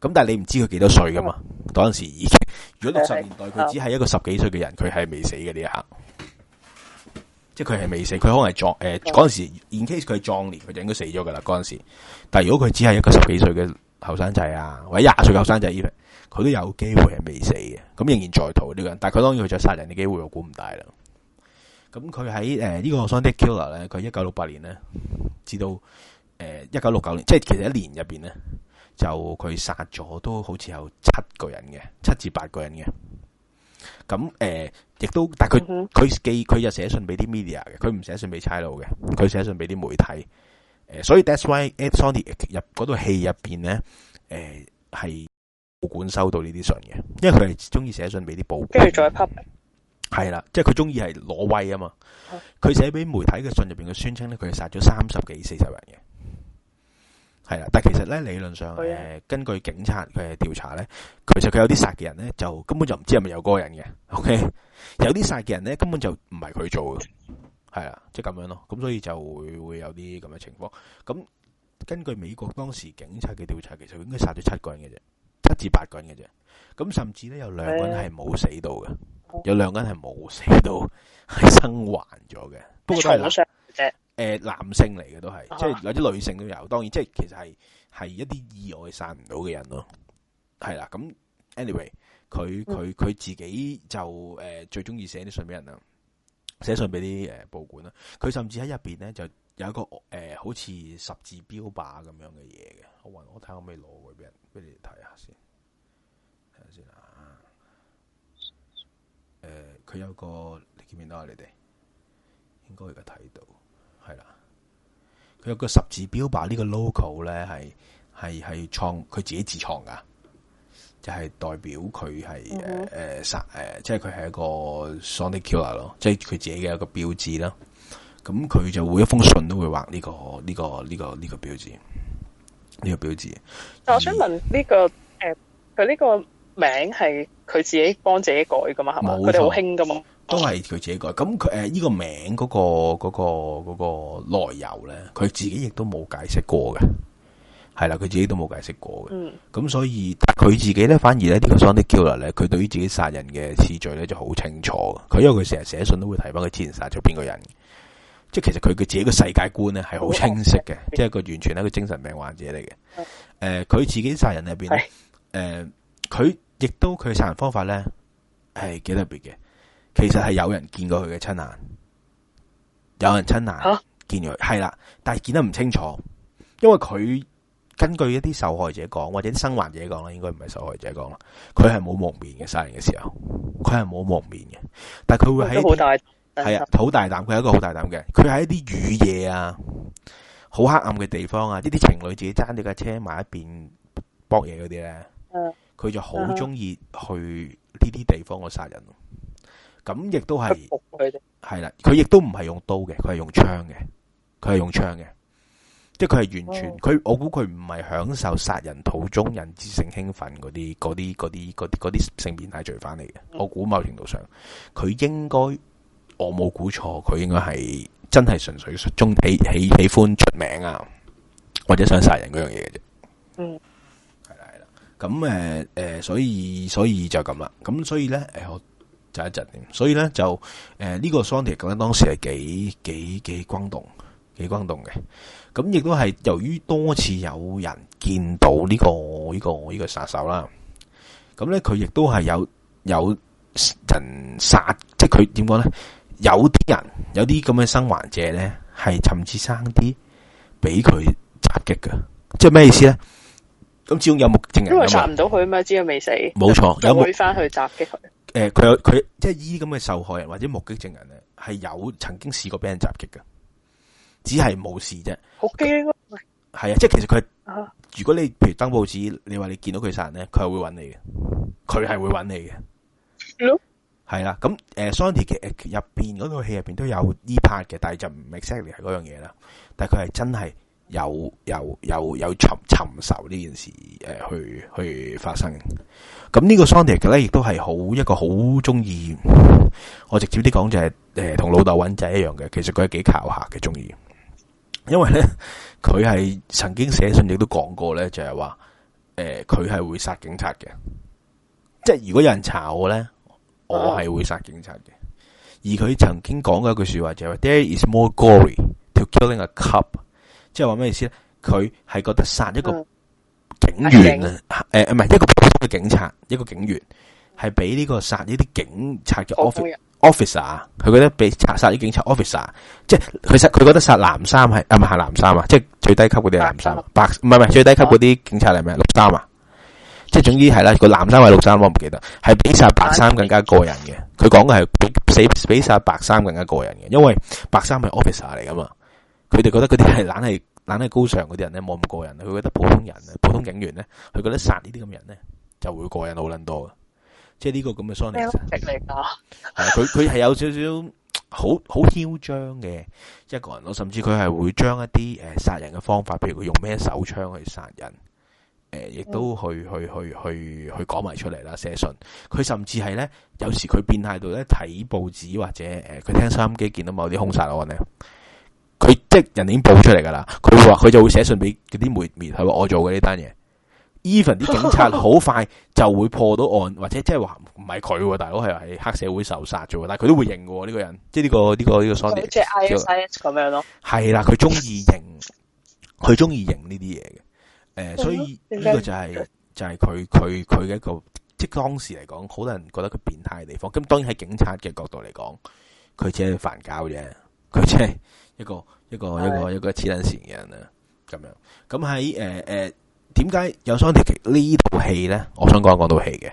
Speaker 1: 咁但係你唔知佢幾多歲噶嘛？嗰陣、嗯、時已經，如果六十年代佢只係一個十幾歲嘅人，佢係未死嘅呢一刻，嗯、即係佢係未死，佢可能係壯誒嗰陣時。In case 佢係壯年，佢就應該死咗噶啦。嗰陣時，但係如果佢只係一個十幾歲嘅後生仔啊，或者廿歲後生仔，佢都有機會係未死嘅。咁仍然在逃呢個人，但係佢當然佢再殺人嘅機會我估唔大啦。咁佢喺誒呢個 Zodiac Killer 咧，佢一九六八年咧，至到誒一九六九年，即係其實一年入邊咧。就佢殺咗都好似有七個人嘅，七至八個人嘅。咁誒，亦都但係佢佢寄佢就寫信俾啲 media，嘅，佢唔寫信俾差佬嘅，佢寫信俾啲媒體。誒，所以 that's why at Zodiac 入嗰套戲入邊咧，誒係報館收到呢啲信嘅，因為佢係中意寫信俾啲報。跟住再 publish。係啦，即係佢中意係攞威啊嘛。佢寫俾媒體嘅信入邊嘅宣稱咧，佢係殺咗三十幾、四十人嘅。係啦，但係其實咧理論上，誒根據警察嘅調查咧，其實佢有啲殺嘅人咧，就根本就唔知係咪有個人嘅，OK？有啲殺嘅人咧，根本就唔係佢做嘅，係啦，即係咁樣咯。咁所以就會會有啲咁嘅情況。咁根據美國當時警察嘅調查，其實佢應該殺咗七個人嘅啫，七至八個人嘅啫。咁甚至咧有兩個人係冇死到嘅，有兩個人係冇死到，係生還咗嘅。不過都係。誒、呃，男性嚟嘅都係，啊、即係有啲女性都有，當然即係其實係係一啲意外散唔到嘅人咯，係啦。咁 anyway，佢佢佢自己就誒、呃、最中意寫啲信俾人啦，寫信俾啲誒報館啦。佢甚至喺入邊咧就有一個誒、呃、好似十字標靶咁樣嘅嘢嘅。我話我睇下可唔可以攞佢俾人俾你哋睇下先，睇下先啊。誒、呃，佢有一個你見唔見到啊？你哋應該而家睇到。係啦，佢有個十字標靶呢、這個 logo 咧，係係係創佢自己自創噶，就係、是、代表佢係誒誒殺誒，即係佢係一個 serial killer 咯，即係佢自己嘅一個標誌啦。咁佢就會一封信都會畫呢、這個呢、這個呢、這個呢、這個標誌，呢、這個標誌。但
Speaker 2: 我想問呢、這個誒佢呢個名係佢自己幫自己改噶法嘛？係嘛？佢哋好興
Speaker 1: 噶嘛？都係佢自己講，咁佢誒呢個名嗰、那個嗰、那個嗰、那個那個內容咧，佢自己亦都冇解釋過嘅，係啦，佢自己都冇解釋過嘅。嗯，咁所以佢自己咧，反而咧呢、這個 Zodiac Killer 咧，佢對於自己殺人嘅次序咧就好清楚嘅。佢因為佢成日寫信都會提翻佢之前殺咗邊個人，即係其實佢嘅自己嘅世界觀咧係好清晰嘅，嗯、即係佢完全係一個精神病患者嚟嘅。誒、嗯，佢、呃、自己殺人入邊咧，誒、嗯，佢、呃、亦都佢殺人方法咧係幾特別嘅。嗯其實係有人見過佢嘅親眼，有人親眼見，見見佢係啦。但係見得唔清楚，因為佢根據一啲受害者講，或者生還者講啦，應該唔係受害者講啦。佢係冇蒙面嘅，殺人嘅時候，佢係冇蒙面嘅。但係佢會喺係啊，好大膽，佢係一個好大膽嘅。佢喺一啲雨夜啊，好黑暗嘅地方啊，呢啲情侶自己揸住架車埋一邊搏嘢，嗰啲咧，佢就好中意去呢啲地方去殺人。咁亦都係，係啦，佢亦都唔係用刀嘅，佢係用槍嘅，佢係用槍嘅，即係佢係完全，佢我估佢唔係享受殺人途中人之性興奮嗰啲，嗰啲嗰啲嗰啲嗰啲性變態罪犯嚟嘅，我估某程度上，佢應該，我冇估錯，佢應該係真係純粹中喜喜喜歡出名啊，或者想殺人嗰樣嘢嘅啫。嗯，係啦係啦，咁誒誒，所以所以就咁啦，咁所以咧誒我。就一陣點，所以咧就誒呢、呃呢個桑迪講緊當時係幾幾幾轟動，幾轟動嘅。咁亦都係由於多次有人見到呢、呢個呢、呢個呢、呢個殺手啦。咁咧佢亦都係有有人殺，即係佢點講咧？有啲人有啲咁嘅生還者咧，係甚至生啲俾佢襲擊㗎。即係咩意思咧？咁始終有目證人？因為殺唔到
Speaker 2: 佢啊嘛，知佢未死？冇錯，會翻去襲擊佢。
Speaker 1: 誒，佢、呃、有佢即係依咁嘅受害人或者目擊證人咧，係有曾經試過俾人襲擊嘅，只係冇事啫。
Speaker 2: 好驚啊！
Speaker 1: 係啊，即係其實佢，如果你譬如登報紙，你話你見到佢殺人咧，佢係會揾你嘅，佢係會揾你嘅。係啦 Hello?，咁誒 Sony 嘅入邊嗰套戲入邊都有呢 part 嘅，但係就唔 exactly 係嗰樣嘢啦。但係佢係真係有有有有尋尋仇呢件事誒、呃，去去發生。咁呢個 Zodiac 咧，亦都係好一個好中意。我直接啲講就係、是、誒，同老豆揾仔一樣嘅。其實佢係幾靠下嘅中意，因為咧佢係曾經寫信亦都講過咧，就係話誒，佢係會殺警察嘅，即係如果有人查我咧，我係會殺警察嘅。嗯、而佢曾經講過一句說話就係、是嗯、，There is more glory to killing a cop，即係話咩意思咧？佢係覺得殺一個警員誒唔係一個。個警察一個警員係俾呢個殺呢啲警察嘅 officer officer，佢覺得俾殺殺啲警察 officer，即係佢殺佢覺得殺藍衫係啊，唔係藍衫啊，即係最低級嗰啲藍衫，白唔係唔係最低級嗰啲警察係咩？綠衫啊，即係總之係啦。如果藍衫係綠衫，我唔記得係比殺白衫更加過癮嘅。佢講嘅係比死比殺白衫更加過癮嘅，因為白衫係 officer 嚟噶嘛。佢哋覺得嗰啲係懶係懶係高尚嗰啲人咧，冇咁過癮。佢覺得普通人啊，普通警員咧，佢覺得殺呢啲咁人咧。就會過癮好捻多、啊、點點好好即係呢個咁嘅
Speaker 4: Sony。係咯，
Speaker 1: 係佢佢係有少少好好囂張嘅一個人咯，甚至佢係會將一啲誒殺人嘅方法，譬如佢用咩手槍去殺人，誒、呃，亦都去、嗯、去去去去講埋出嚟，啦，寫信。佢甚至係咧，有時佢變態到咧睇報紙或者誒，佢、呃、聽收音機見到某啲凶殺案咧，佢即人已經報出嚟噶啦。佢話佢就會寫信俾嗰啲媒體，係話我做嘅呢單嘢。even 啲警察好快就會破到案， 或者即係話唔係佢，大佬係喺黑社會受殺咗，但係佢都會認喎呢、這個人，即係呢個呢個呢個。嗰隻 I S I S 咁叫樣咯，係啦，佢中意認，佢中意認呢啲嘢嘅。誒、呃，所以呢個就係、是、就係佢佢佢嘅一個，即係當時嚟講，好多人覺得佢變態嘅地方。咁當然喺警察嘅角度嚟講，佢只係犯搞啫，佢只係一個是的 一個一個一個黐撚線嘅人啊，咁樣。咁喺點解有《Zodiac》呢套戲咧？我想講講套戲嘅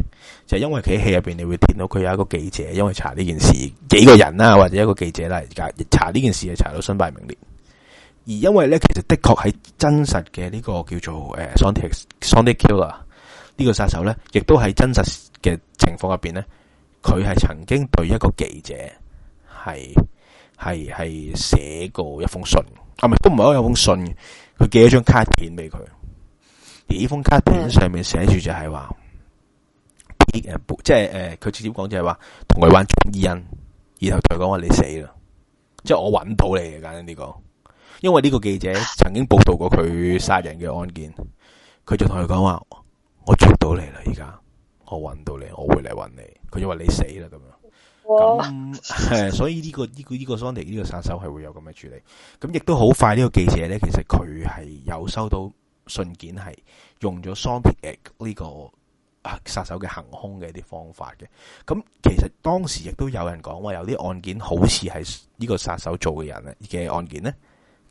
Speaker 1: 就係、是、因為喺戲入邊你會見到佢有一個記者，因為查呢件事幾個人啦、啊，或者一個記者啦而家，查呢件事，係查到身敗名裂。而因為咧，其實的確喺真實嘅呢個叫做誒《Zodiac》《Zodiac Killer》呢個殺手咧，亦都係真實嘅情況入邊咧，佢係曾經對一個記者係係係寫過一封信，啊，係咪？都唔係有封信，佢寄咗一張卡片俾佢。呢封卡片上面寫住就係話的、呃，即係誒，佢、呃、直接講就係話，同佢玩捉伊恩，然後同佢講話你死啦，即係我揾到你的，簡單啲講，因為呢個記者曾經報道過佢殺人嘅案件，佢就同佢講話，我捉到你啦，而家我揾到你，我會嚟揾你，佢就話你死啦咁樣，
Speaker 2: 咁
Speaker 1: 誒哇，所以呢、這個呢、這個呢、這個 Sunday 呢個殺手係會有咁嘅處理，咁亦都好快呢個記者咧，其實佢係有收到。信件係用咗桑皮克呢個殺手嘅行兇嘅一啲方法嘅。咁其實當時亦都有人講話，有啲案件好似係呢個殺手做嘅人嘅案件咧，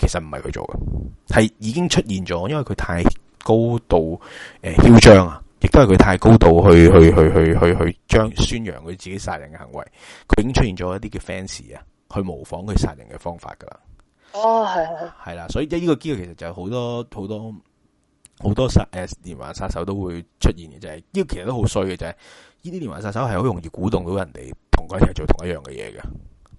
Speaker 1: 其實唔係佢做嘅，係已經出現咗，因為佢太高度誒囂張啊，亦都係佢太高度去去去去去去，去將宣揚佢自己殺人嘅行為，佢已經出現咗一啲嘅 fans 啊，去模仿佢殺人嘅方法噶啦。哦，係係係啦，所以即呢個機率其實就係好多好多。很多好多殺 S 連環殺手都會出現嘅，就係呢個其實都好衰嘅，就係呢啲連環殺手係好容易鼓動到人哋同佢哋做同一樣嘅嘢嘅，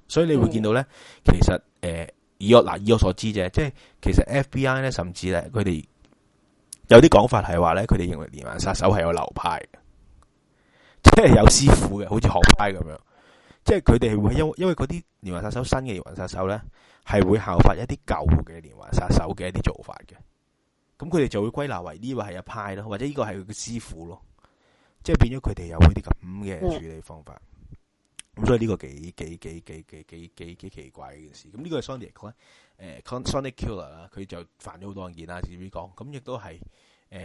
Speaker 1: 所以你會見到咧，其實誒、呃、以我嗱以我所知啫，即係其實 FBI 咧甚至咧佢哋有啲講法係話咧，佢哋認為連環殺手係有流派嘅，即係有師傅嘅，好似學派咁樣，即係佢哋會因因為嗰啲連環殺手新嘅連環殺手咧係會效法一啲舊嘅連環殺手嘅一啲做法嘅。咁佢哋就會歸納為呢個係一派咯，或者呢個係佢嘅師傅咯，即係變咗佢哋有佢啲咁嘅處理方法。咁所以呢個幾幾幾幾幾幾幾，幾，幾奇怪嘅事。咁呢個係 Sonic 呢、呃，誒，Con Sonic Killer 啦，佢就犯咗好多案件啦，至於講。咁亦都係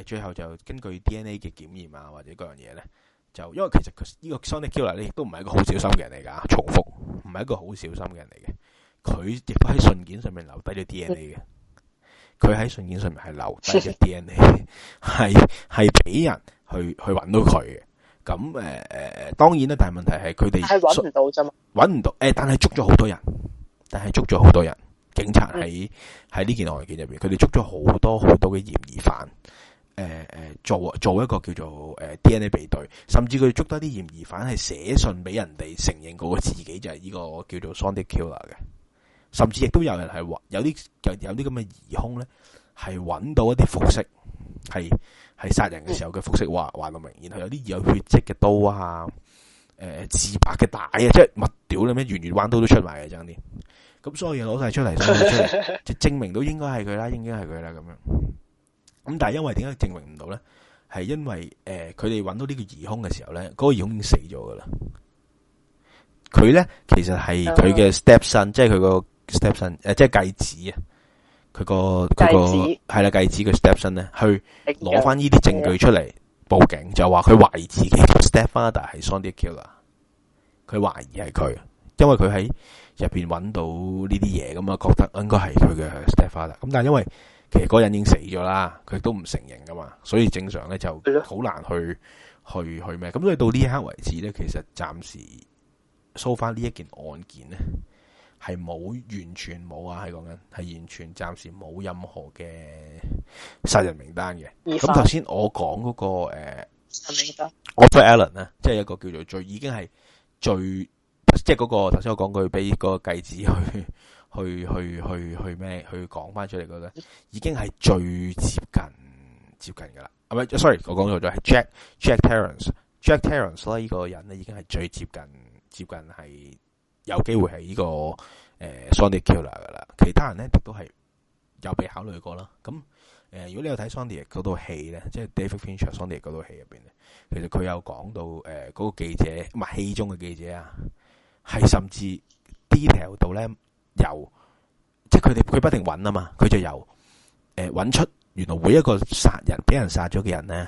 Speaker 1: 最後就根據 DNA 嘅檢驗啊，或者各樣嘢咧，就因為其實呢個 Sonic Killer 亦都唔係一個好小心嘅人嚟噶，重複唔係一個好小心嘅人嚟嘅，佢亦都喺信件上面留低咗 DNA 嘅。佢喺信件上面係留低嘅 DNA，係係俾人去去揾到佢嘅。咁誒誒，當然啦，但係問題係佢哋揾唔到啫嘛，揾唔到。誒、呃，但係捉咗好多人，但係捉咗好多人。警察喺喺呢件案件入面，佢哋捉咗好多好多嘅嫌疑犯。誒、呃、誒，做做一個叫做誒 DNA 比對，甚至佢捉多啲嫌疑犯係寫信俾人哋承認嗰個自己就係、是、呢個叫做 Sonic Killer 嘅。甚至亦都有人係話有啲有有啲咁嘅疑凶咧，係揾到一啲服飾，係係殺人嘅時候嘅服飾，話話得明，然後有啲有血跡嘅刀啊，誒、呃，自白嘅帶啊，即係物屌你咩，圓月彎刀都出埋嘅，爭啲。咁所，所以攞晒出嚟，出嚟就證明到應該係佢啦，應該係佢啦咁樣。咁但係因為點解證明唔到咧？係因為誒，佢哋揾到呢個疑凶嘅時候咧，嗰、嗰個疑凶已經死咗噶啦。佢咧其實係佢嘅 stepson 即係佢個。stepson，誒，step son，即係繼子啊，佢個佢個係啦，繼子個 stepson 咧，去攞翻呢啲證據出嚟、嗯、報警，就話佢懷疑自己 stepfather 係 sonic killer，佢懷疑係佢，因為佢喺入邊揾到呢啲嘢，咁啊覺得應該係佢嘅 stepfather，咁但係因為其實嗰個人已經死咗啦，佢都唔承認噶嘛，所以正常咧就好難去的去去咩？咁所以到呢一刻為止咧，其實暫時收返呢一件案件咧。係冇，完全冇啊！係講緊係完全暫時冇任何嘅殺人名單嘅。咁頭先我講嗰、那個誒，我對 Allen 啊，法 Allen, 即係一個叫做最已經係最即係嗰、那個頭先我講佢俾個繼子去去去去去咩？去講翻出嚟，覺得已經係最接近接近噶啦。係咪、嗯、sorry，我講錯咗，係 Jack Jack Terence Jack Terence 呢個人咧已經係最接近接近係。有機會係呢、這個誒、呃、Zodiac killer 噶啦，其他人咧亦都係有被考慮過啦。咁誒、呃，如果你有睇 Zodiac 嗰套戲咧，即係 David Fincher Zodiac 嗰套戲入邊咧，其實佢有講到誒嗰、呃那個記者，唔、呃、係戲中嘅記者啊，係甚至 detail 到咧由即係佢哋佢不停揾啊嘛，佢就由誒揾、呃、出原來每一個殺人俾人殺咗嘅人咧，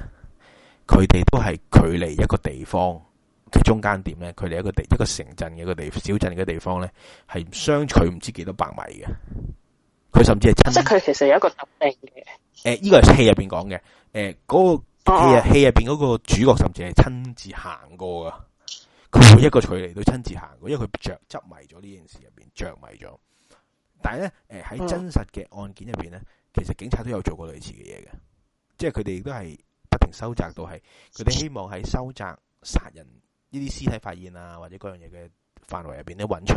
Speaker 1: 佢哋都係距離一個地方。佢中間點咧？佢哋一個地一個城鎮嘅一個地小鎮嘅地方咧，係相距唔知幾多少百米嘅。佢甚至係真，即係佢
Speaker 2: 其實有一個特定嘅。
Speaker 1: 誒、欸，呢、這個係戲入邊講嘅。誒、欸，嗰、那個戲戲入邊嗰個主角甚至係親自行過噶。佢每一個距離都親自行過，因為佢着執迷咗呢件事入邊，着迷咗。但係咧，誒喺真實嘅案件入邊咧，啊、其實警察都有做過類似嘅嘢嘅。即係佢哋亦都係不停收窄到係，佢哋希望喺收窄殺人。呢啲屍體發現啊，或者嗰樣嘢嘅範圍入邊，咧，揾出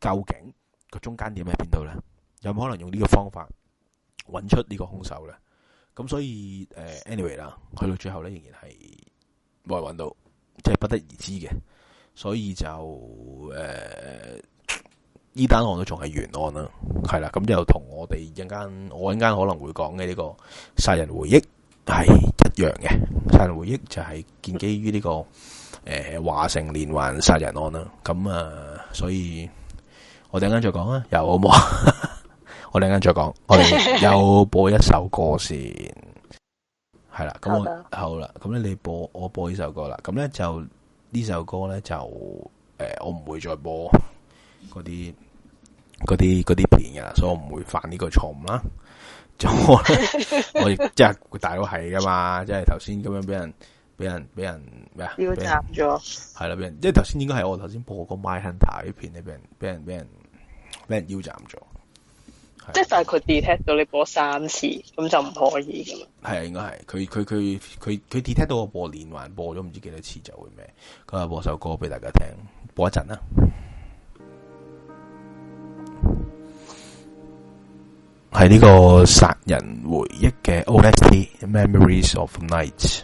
Speaker 1: 究竟個中間點喺邊度咧？有冇可能用呢個方法揾出呢個兇手咧？咁所以 anyway 啦，去、呃 anyway，到最後咧，仍然係冇人揾到，即、就、係、是、不得而知嘅。所以就誒呢單案都仲係懸案啦，係啦。咁就同我哋陣間我陣間可能會講嘅呢個殺人回憶係一樣嘅殺人回憶，就係建基於呢、這個。誒，華城、欸、連環殺人案啦，咁啊，所以我陣間再講啦又好冇啊，我陣間再講，有好好 我哋 又播一首歌先，係啦，咁好啦的，咁咧你播，我播呢首歌啦，咁咧就呢首歌咧就誒、欸，我唔會再播嗰啲嗰啲嗰啲片噶啦，所以我唔會犯呢個錯誤啦，就我亦即係大佬係噶嘛，即係頭先咁樣俾人。俾人俾人咩啊？腰斬咗係啦，俾人，俾人即係頭先，應該係我頭先播嗰《Mindhunter》呢片，呢俾人俾人俾人俾人腰斬咗。即係就係佢 detect
Speaker 2: 到你播三次，咁就唔可
Speaker 1: 以噶嘛？係啊，應該係佢佢佢佢佢 detect 到我播連環播咗唔知幾多次就會咩？佢、嗯、啊，播首歌俾大家聽，播一陣啦。係呢個殺人回憶嘅 OST Mem《Memories of Nights》。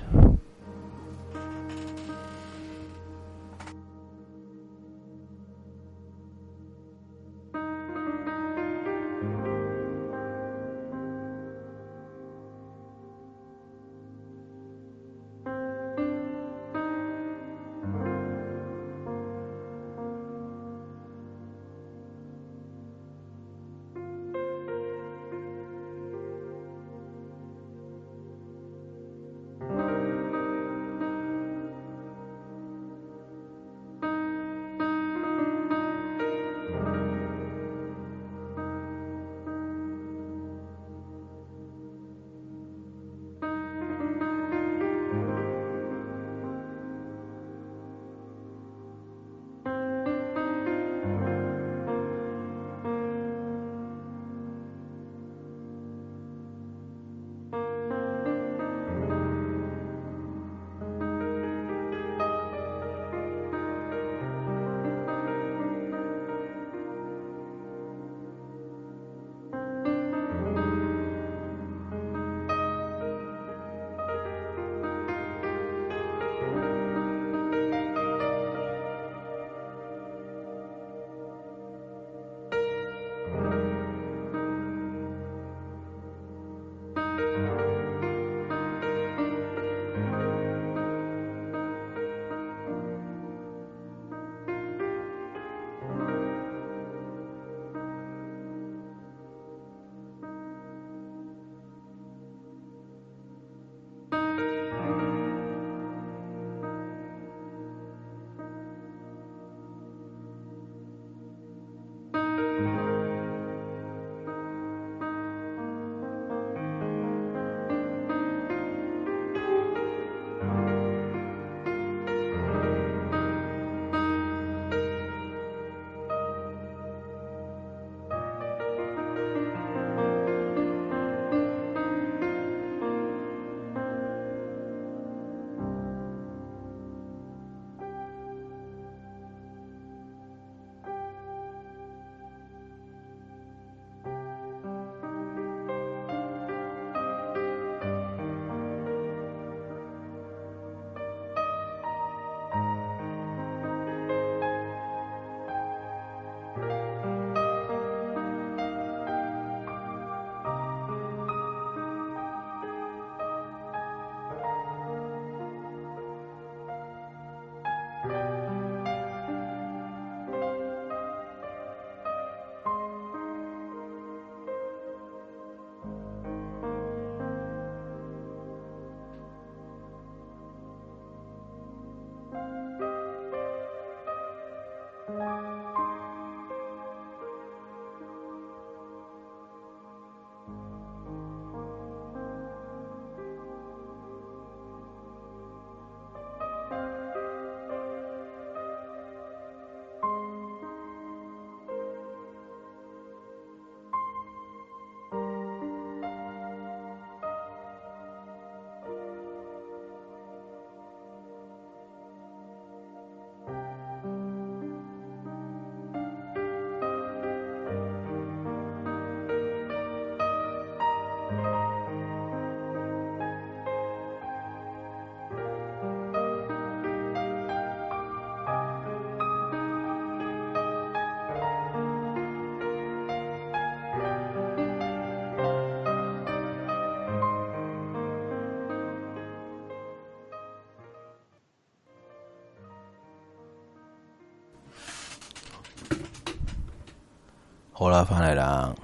Speaker 1: 好啦，翻嚟啦，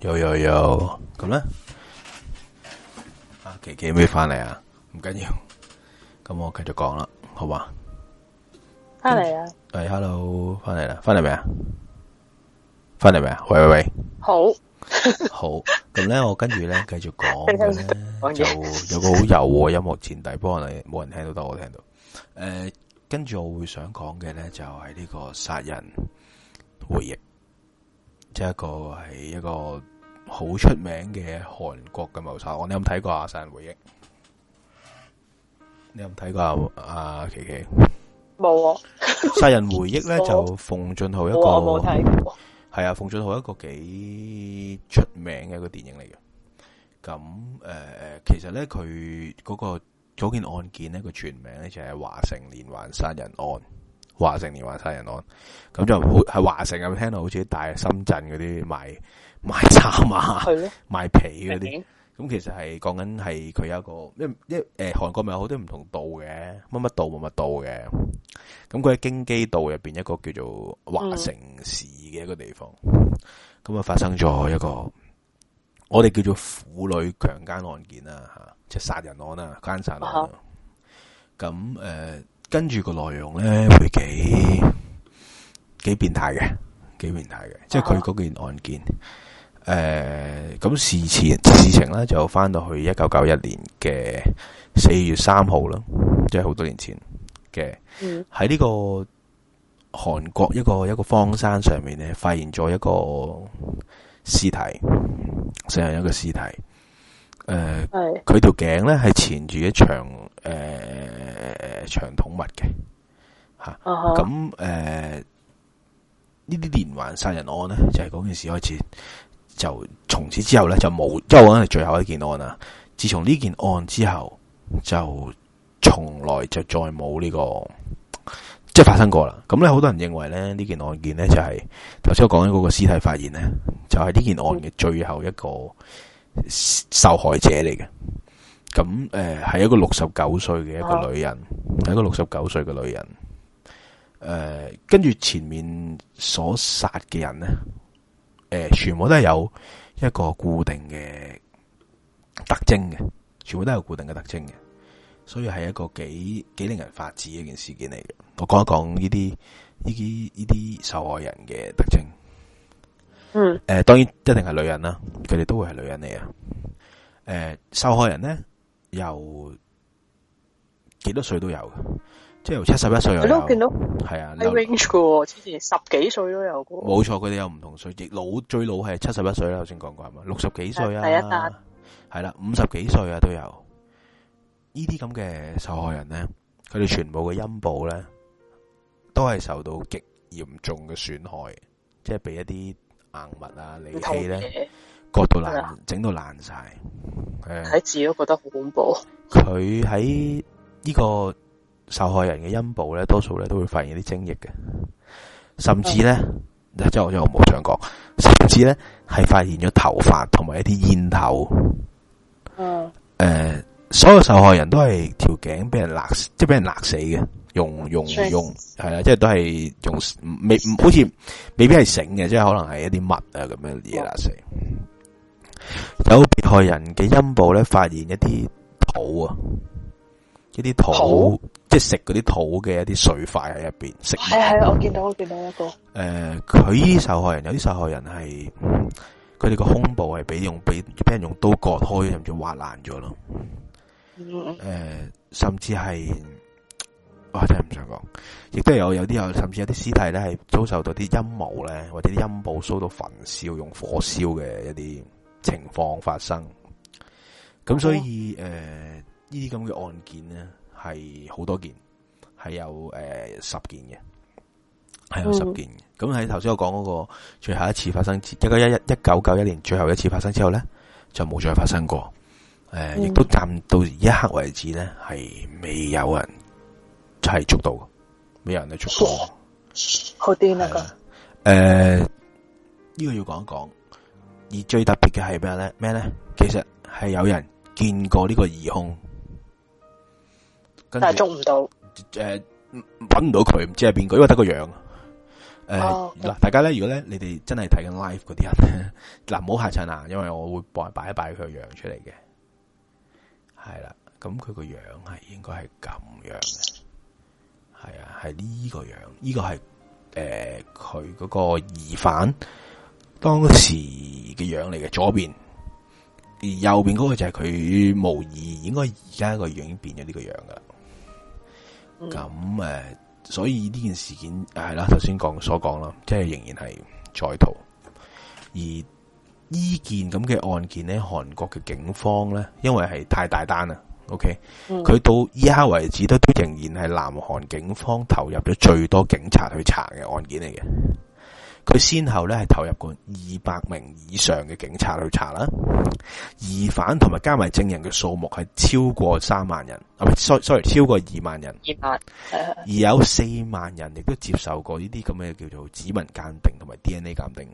Speaker 1: 有有有咁咧。阿琪琪未翻嚟啊？唔緊要，咁我繼續講啦，好嘛？翻嚟呀！係，哎，hello，翻嚟啦，翻嚟未啊？翻嚟未啊？喂喂喂，好，好，咁咧，我跟住咧繼續講，
Speaker 2: 就有個好柔和
Speaker 1: 音樂前提，幫你冇人聽到得我聽到。誒、呃，跟住我會想講嘅咧，就係呢個殺人回憶。即係一個係一個好出名嘅韓國嘅謀殺案，你有冇睇過、啊《殺人回憶》？你有冇睇過阿琪琪？冇、啊《殺有人回憶》咧有就奉俊昊一個，係啊，奉俊昊一個幾出名嘅一個電影嚟嘅。咁誒誒，其實咧佢嗰個嗰件案件咧個全名咧就係、是《華城連環殺人案》。華城連環殺人案，咁就好喺華城，有聽到好似大深圳嗰啲賣賣衫啊，賣、賣皮嗰啲，咁其實係講緊係佢有一個，一一誒，呃、韓國咪有好多唔同道嘅乜乜道，乜乜道嘅，咁佢喺京畿道入邊一個叫做華城市嘅一個地方，咁啊、嗯、發生咗一個我哋叫做婦女強奸案件啦，吓即係殺人案啦，奸殺案，咁誒、嗯。那呃跟住個內容咧，會幾幾變態嘅，幾變態嘅。啊、即係佢嗰件案件，誒、呃、咁事前事情咧，就翻到去一九九一年嘅四月三號啦，即係好多年前嘅。喺呢、嗯、個韓國一個一個荒山上面咧，發現咗一個屍體，成日一個屍體。誒，佢條頸咧係纏住一長誒、呃、長筒襪嘅吓，咁誒呢啲連環殺人案咧，就係、是、嗰件事開始，就從此之後咧就冇，即係我講係最後一件案啦。自從呢件案之後，就從來就再冇呢、這個，即、就、係、是、發生過啦。咁咧，好多人認為咧呢件案件咧就係頭先我講緊嗰個屍體發現咧，就係、是、呢件案嘅最後一個。嗯受害者嚟嘅，咁誒係一個六十九歲嘅一個女人，係、啊、一個六十九歲嘅女人。誒、呃，跟住前面所殺嘅人呢，誒、呃，全部都係有一個固定嘅特徵嘅，全部都係有固定嘅特徵嘅，所以係一個幾幾令人發指嘅一件事件嚟嘅。我講一講呢啲呢啲呢啲受害人嘅特徵。嗯，誒，當然一定係女人啦，佢哋都會係女人嚟啊。誒、呃，受害人咧，由幾多歲都有嘅，即係由七十一歲，係咯，見到係啊，range 嘅
Speaker 2: 之前十幾歲都有。冇錯，
Speaker 1: 佢哋有唔同歲，亦老最老係七十一歲啦。頭先講過係嘛，六十幾歲啊，第一單係啦，五十幾歲啊都有呢啲咁嘅受害人咧，佢哋全部嘅陰部咧都係受到極嚴重嘅損害，即係俾一啲。硬物啊，利器咧，角度爛，整到爛晒，呃、睇字都覺得好恐怖。佢喺呢個受害人嘅陰部咧，多數咧都會發現啲精液嘅，甚至咧，即係我真係冇想講，甚至咧係發現咗頭髮同埋一啲煙頭。誒、嗯呃，所有受害人都係條頸俾人勒，即係俾人勒死嘅。用用用係啦、啊，即係都係用未好似未必係繩嘅，即係可能係一啲物啊咁樣嘢啦，成、嗯、有被害人嘅陰部咧，發現一啲土啊，一啲土，土即係食嗰啲土嘅一啲碎塊喺入邊食。係係、嗯，我見
Speaker 4: 到我見到一
Speaker 1: 個。誒，佢啲受害人有啲受害人係佢哋個胸部係俾用俾俾人用刀割開，甚至劃爛咗咯。誒、嗯呃，甚至係。我真係唔想講，亦都又有啲有，甚至有啲屍體咧係遭受到啲陰謀咧，或者啲陰謀遭到焚燒，用火燒嘅一啲情況發生。咁所以誒，呢啲咁嘅案件呢，係好多件，係有誒十、呃、件嘅，係有十件嘅。咁喺頭先我講嗰個最後一次發生，一九一一一九九一年最後一次發生之後咧，就冇再發生過。誒、呃，亦、嗯、都暫到一刻為止咧，係未有人。係捉到嘅，冇人咧捉好癲啊！ 那個誒，呢、呃這個要講一講，而最特別嘅係咩咧？咩咧？其實係有人見過呢個疑兇，但係捉唔到。誒、呃，搵唔到佢，唔知係邊個，因為得個樣。誒、呃，嗱、哦，大家咧，白如果咧，你哋真係睇緊 live 嗰啲人咧，嗱， 唔好嚇親啊，因為我會幫擺一擺佢個樣出嚟嘅。係啦，咁佢個樣係應該係咁樣嘅。係啊，係呢個樣，呢、這個係誒佢嗰個疑犯當時嘅樣嚟嘅，左邊而右邊嗰個就係佢無疑，應該而家個樣已經變咗呢個樣噶。咁誒、嗯，所以呢件事件係啦，頭、啊、先講所講啦，即係仍然係在逃。而呢件咁嘅案件咧，韓國嘅警方咧，因為係太大單啦。O.K. 佢、嗯、到依家為止都都仍然係南韓警方投入咗最多警察去查嘅案件嚟嘅。佢先後咧係投入過二百名以上嘅警察去查啦，疑犯同埋加埋證人嘅數目係超過三萬人。啊，sorry，sorry，超過二萬人。而有四萬人亦都接受過呢啲咁嘅叫做指紋鑑定同埋 D.N.A. 鑑定。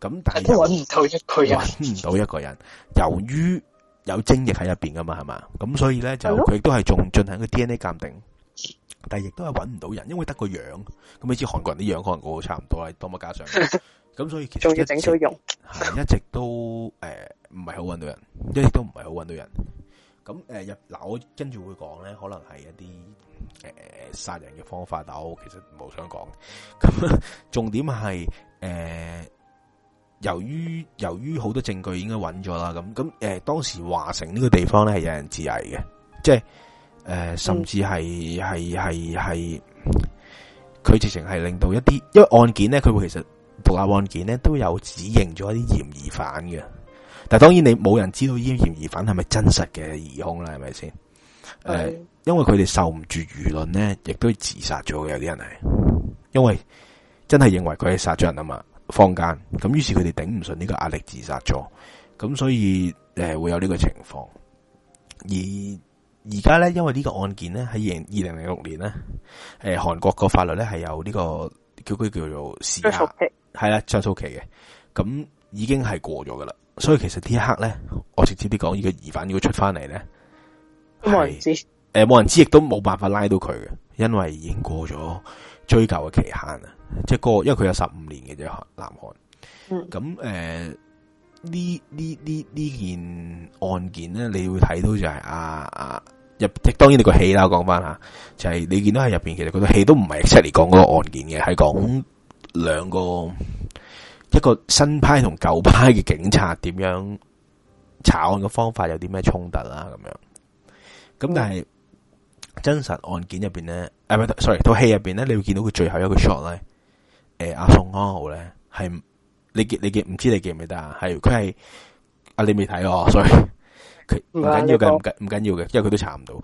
Speaker 1: 咁但係都揾唔到一個人，揾唔到一個人。 由於有精液喺入邊噶嘛，係嘛？咁所以咧就佢亦都係仲進行個 DNA 鑑定，但係亦都係揾唔到人，因為得個樣。咁你知韓國人啲樣可能個差唔多啦，多冇加上。咁所以其實仲要整咗容，係一直都誒唔係好揾到人，一直都唔係好揾到人。咁誒入嗱，我跟住會講咧，可能係一啲誒殺人嘅方法，但係我其實冇想講。咁重點係誒。由於由於好多證據應該揾咗啦，咁咁誒，當時華城呢個地方咧係有人自危嘅，即係誒、呃，甚至係係係係，佢、嗯、直情係令到一啲，因為案件咧，佢會其實獨立案件咧都有指認咗一啲嫌疑犯嘅，但係當然你冇人知道呢啲嫌疑犯係咪真實嘅疑兇啦，係咪先？誒、呃，嗯、因為佢哋受唔住輿論咧，亦都自殺咗嘅。有啲人係，因為真係認為佢係殺咗人啊嘛。坊間咁，於是佢哋頂唔順呢個壓力自殺，自殺咗。咁所以誒會有呢個情況。而而家咧，因為呢個案件咧喺二零二零零六年咧，誒韓國個法律咧係有呢個叫佢叫做時效期，係啦，追訴期嘅。咁已經係過咗噶啦，所以其實呢一刻咧，我直接啲講，呢個疑犯如果出翻嚟咧，
Speaker 3: 係
Speaker 1: 誒冇人知，亦都冇辦法拉到佢嘅，因為已經過咗追究嘅期限啦。隻歌、即個、那個，因為佢有十五年嘅啫，南韓。嗯，咁、呃、誒，呢呢呢呢件案件咧，你會睇到就係、是、啊啊入，當然你個戲啦，我講翻吓，就係、是、你見到喺入邊，其實嗰個戲都唔係出嚟講嗰個案件嘅，係講兩個一個新派同舊派嘅警察點樣查案嘅方法有啲咩衝突啦，咁樣。咁但係真實案件入邊咧，誒、哎、唔、呃、sorry，套戲入邊咧，你會見到佢最後一個 shot 咧，誒，阿、呃、宋康昊咧，係你記你記唔知你記唔記得啊？係佢係啊，你未睇哦，所以佢唔緊要嘅，唔緊唔緊要嘅，因為佢都查唔到。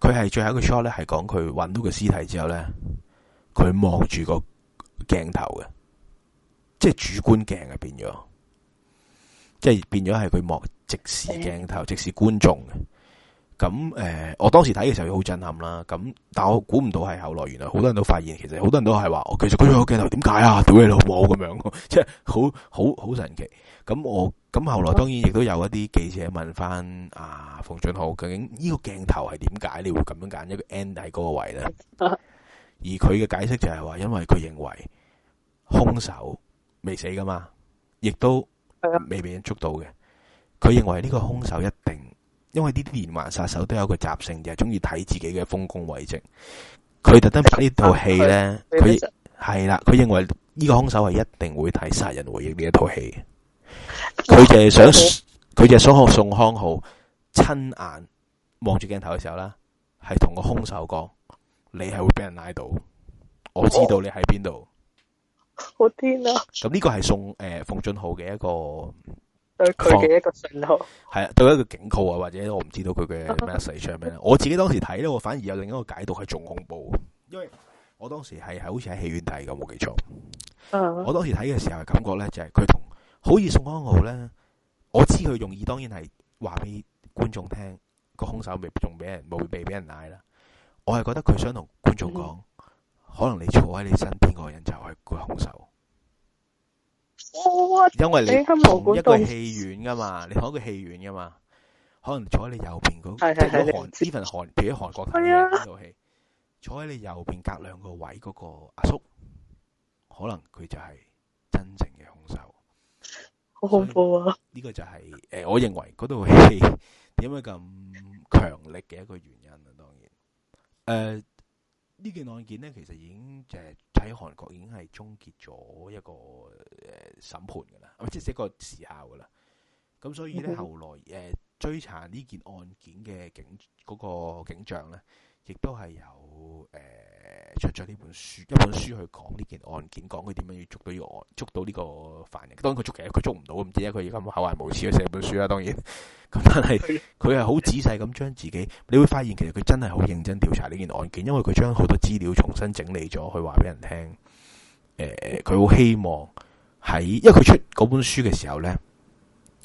Speaker 1: 佢係最後一個 shot 咧，係講佢揾到個屍體之後咧，佢望住個鏡頭嘅，即係主觀鏡啊變咗，即係變咗係佢望直視鏡頭，嗯、直視觀眾嘅。咁誒、呃，我當時睇嘅時候好震撼啦。咁，但我估唔到係後來，原來好多人都發現，其實好多人都係話，其實佢有鏡頭，點解啊？屌你老母咁樣，即係好好好神奇。咁我咁後來當然亦都有一啲記者問翻，啊，奉俊昊，究竟呢個鏡頭係點解？你會咁樣揀一個 end 底嗰個位咧？而佢嘅解釋就係話，因為佢 認為兇手未死噶嘛，亦都未俾人捉到嘅。佢認為呢個兇手一定。因為呢啲連環殺手都有一個習性，就係中意睇自己嘅豐功偉績。佢特登拍呢套戲呢，佢係啦，佢他認為呢個兇手係一定會睇《殺人回憶》呢一套戲。佢就係想，佢 就想學宋，宋康昊親眼望住鏡頭嘅時候呢，係同個兇手講：你係會俾人拉到，
Speaker 2: 我知道你喺邊度。我天啊！
Speaker 1: 咁呢個係宋，誒、呃、奉俊昊嘅一個。對佢嘅一個信號、嗯，係啊，對一個警告啊，或者我唔知道佢嘅 message 係咩咧。我自己當時睇咧，我反而有另一個解讀係仲恐怖，因為我當時係好似喺戲院睇嘅，冇記錯。啊、
Speaker 4: 我
Speaker 1: 當時睇嘅時候感覺咧就係佢同好似宋康昊咧，我知佢用意當然係話俾觀眾聽個兇手未仲俾人冇被俾人嗌啦。我係覺得佢想同觀眾講，嗯、可能你坐喺你身邊個人就係個兇手。
Speaker 4: 因為你同一個戲
Speaker 1: 院噶嘛，你同一個戲院噶嘛，可能坐喺你右邊嗰、那個，韓的，譬如喺韓國拍嘅呢套戲，的坐喺你右邊隔兩個位嗰個阿叔，可能佢就係真正嘅凶手，好恐怖啊！呢個就係、是、誒，我認為嗰套戲點解咁強力嘅一個原因啊，當然，誒、呃、呢件案件呢，其實已經就係、是。喺韓國已經係終結咗一個誒審判㗎啦，即係一個時效㗎啦。咁所以咧，後來、呃、追查呢件案件嘅警嗰、嗰個警長咧。亦都係有誒，出咗呢本書，一本書去講呢件案件，講佢點樣要捉到要捉，捉到呢個犯人。當然佢捉佢捉唔到，唔知一佢而家口無視寫本書啦。當然咁，但係佢係好仔細咁將自己， 你會發現其實佢真係好認真調查呢件案件，因為佢將好多資料重新整理咗去話俾人聽。誒、呃，佢好希望喺因為佢出嗰本書嘅時候咧。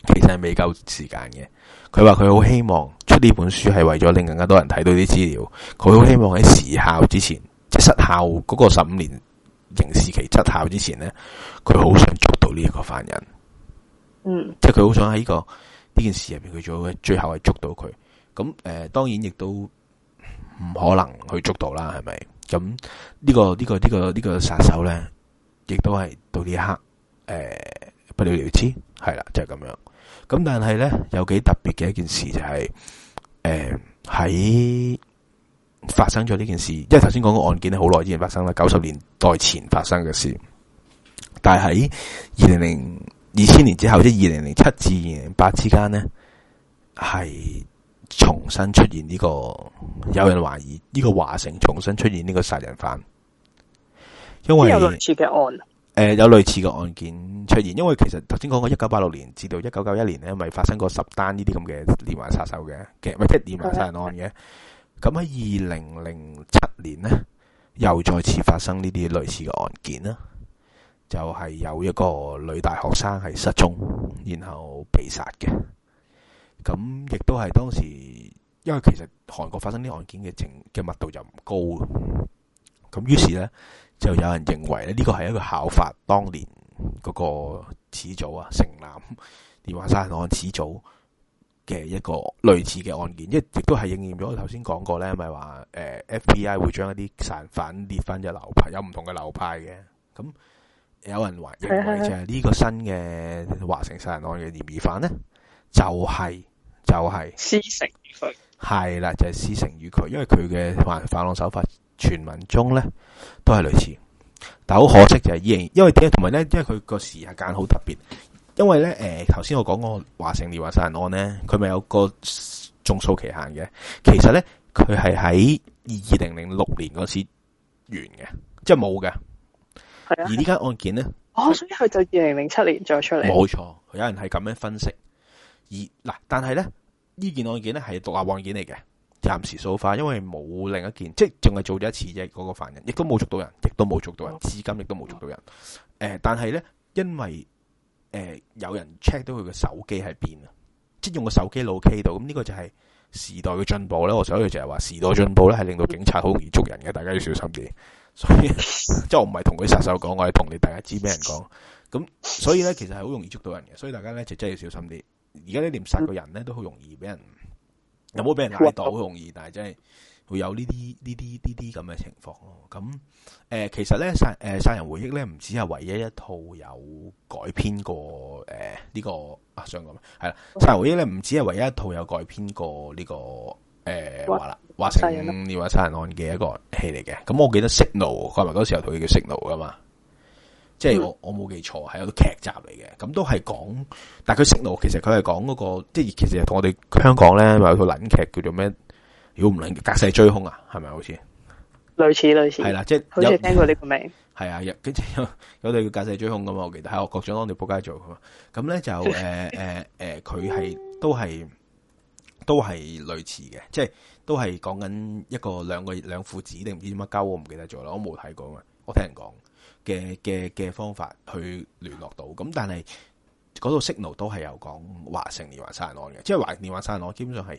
Speaker 1: 其實係未夠時間嘅。佢話佢好希望出呢本書係為咗令更加多人睇到啲資料。佢好希望喺時效之前，即係失效嗰個十五年刑事期失效之前呢，佢好想捉到呢一個犯人。嗯，即係佢好想喺呢、呢個呢件事入邊佢做，最後係捉到佢。咁、嗯、誒、呃，當然亦都唔可能去捉到啦，係咪？咁、嗯、呢、呢個呢、呢個呢、呢個呢、呢個殺手咧，亦都係到呢一刻誒、呃、不了了之，係啦，就係、係、咁樣。咁但係咧，有幾特別嘅一件事就係，誒、呃、喺發生咗呢件事，因為頭先講個案件咧，好耐之前發生啦，九十年代前發生嘅事，但係喺二千年之後，即二零零七至二零零八之間呢，係重新出現呢個，有人懷疑呢個華城重新出現呢個殺人犯，因為誒、呃，有類似嘅案件出現，因為其實頭先講過一九八六年至到一九九一年呢，咪發生過十單呢啲咁嘅連環殺手嘅，唔係即係連環殺人案嘅。咁喺二零零七年呢，又再次發生呢啲類似嘅案件啦，就係、是、有一個女大學生係失蹤，然後被殺嘅。咁亦都係當時，因為其實韓國發生呢啲案件嘅情嘅密度就唔高，咁於是呢。就有人認為呢個係一個效法當年嗰個始祖啊，城南連環殺人案始祖嘅一個類似嘅案件，mm hmm. 因為亦都係應驗咗我頭先講過咧，咪話、呃、FBI 會將一啲殺人犯列翻咗流派，有唔同嘅流派嘅。咁有人懷疑為就係呢個新嘅華城殺人案嘅嫌疑犯咧，就係就係施成與佢，係啦，就係、是、施成與佢、就是，因為佢嘅犯犯案手法。傳聞中咧都係類似，但好可惜就係因因為點解？同埋咧，因為佢個時係間好特別，因為咧誒，頭先、呃、我講嗰個華城連環殺人案咧，佢咪有個追溯期限嘅？其實咧佢係喺二零零六年嗰時完嘅，即係冇嘅。係啊的，而呢間案件咧，
Speaker 2: 哦，所以佢就二零零七年再出嚟。冇
Speaker 1: 錯，有人係咁樣分析。而嗱，但係咧呢件案件咧係獨立案件嚟嘅。暫時掃化，因為冇另一件，即係仲係做咗一次啫。嗰、那個犯人亦都冇捉到人，亦都冇捉到人，至今亦都冇捉到人。誒、呃，但係咧，因為誒、呃、有人 check 到佢嘅手機喺邊啊，即係用個手機攞 k 度。y 咁呢個就係時代嘅進步咧。我所以就係話時代進步咧，係令到警察好容易捉人嘅，大家要小心啲。所以即係 我唔係同佢啲殺手講，我係同你大家知俾人講。咁所以咧，其實係好容易捉到人嘅，所以大家咧就真係要小心啲。而家呢，連殺個人咧都好容易俾人。有冇俾人拉到好容易，哇但係真係會有呢啲呢啲呢啲咁嘅情況咯。咁誒、呃，其實咧《殺誒殺人回憶》咧，唔止係唯一一套有改編過誒呢、呃這個啊，想講係啦，《殺人回憶》咧，唔止係唯一一套有改編過呢、這個誒話啦，話成呢個殺人案嘅一個戲嚟嘅。咁我記得 Signal，是是《Signal》，佢話嗰時候套嘢叫《Signal》㗎嘛。即係我我冇記錯，係有啲劇集嚟嘅，咁都係講，但係佢思路其實佢係講嗰個，即係其實同我哋香港咧咪有套爛劇叫做咩？如果唔捻嘅隔世追凶啊，係咪好似類似類似係啦，即係好似聽過呢個名係啊，跟住有有對叫隔世追凶㗎嘛，我記得喺我局長當年仆街做㗎嘛，咁咧就誒誒誒，佢係、 呃呃呃、都係都係類似嘅，即係都係講緊一個兩個兩父子定唔知乜交，我唔記得咗啦，我冇睇過啊，我聽人講。嘅嘅嘅方法去聯絡到，咁但係嗰度 signal 都係有講華城連華山案嘅，即係華城連華山案基本上係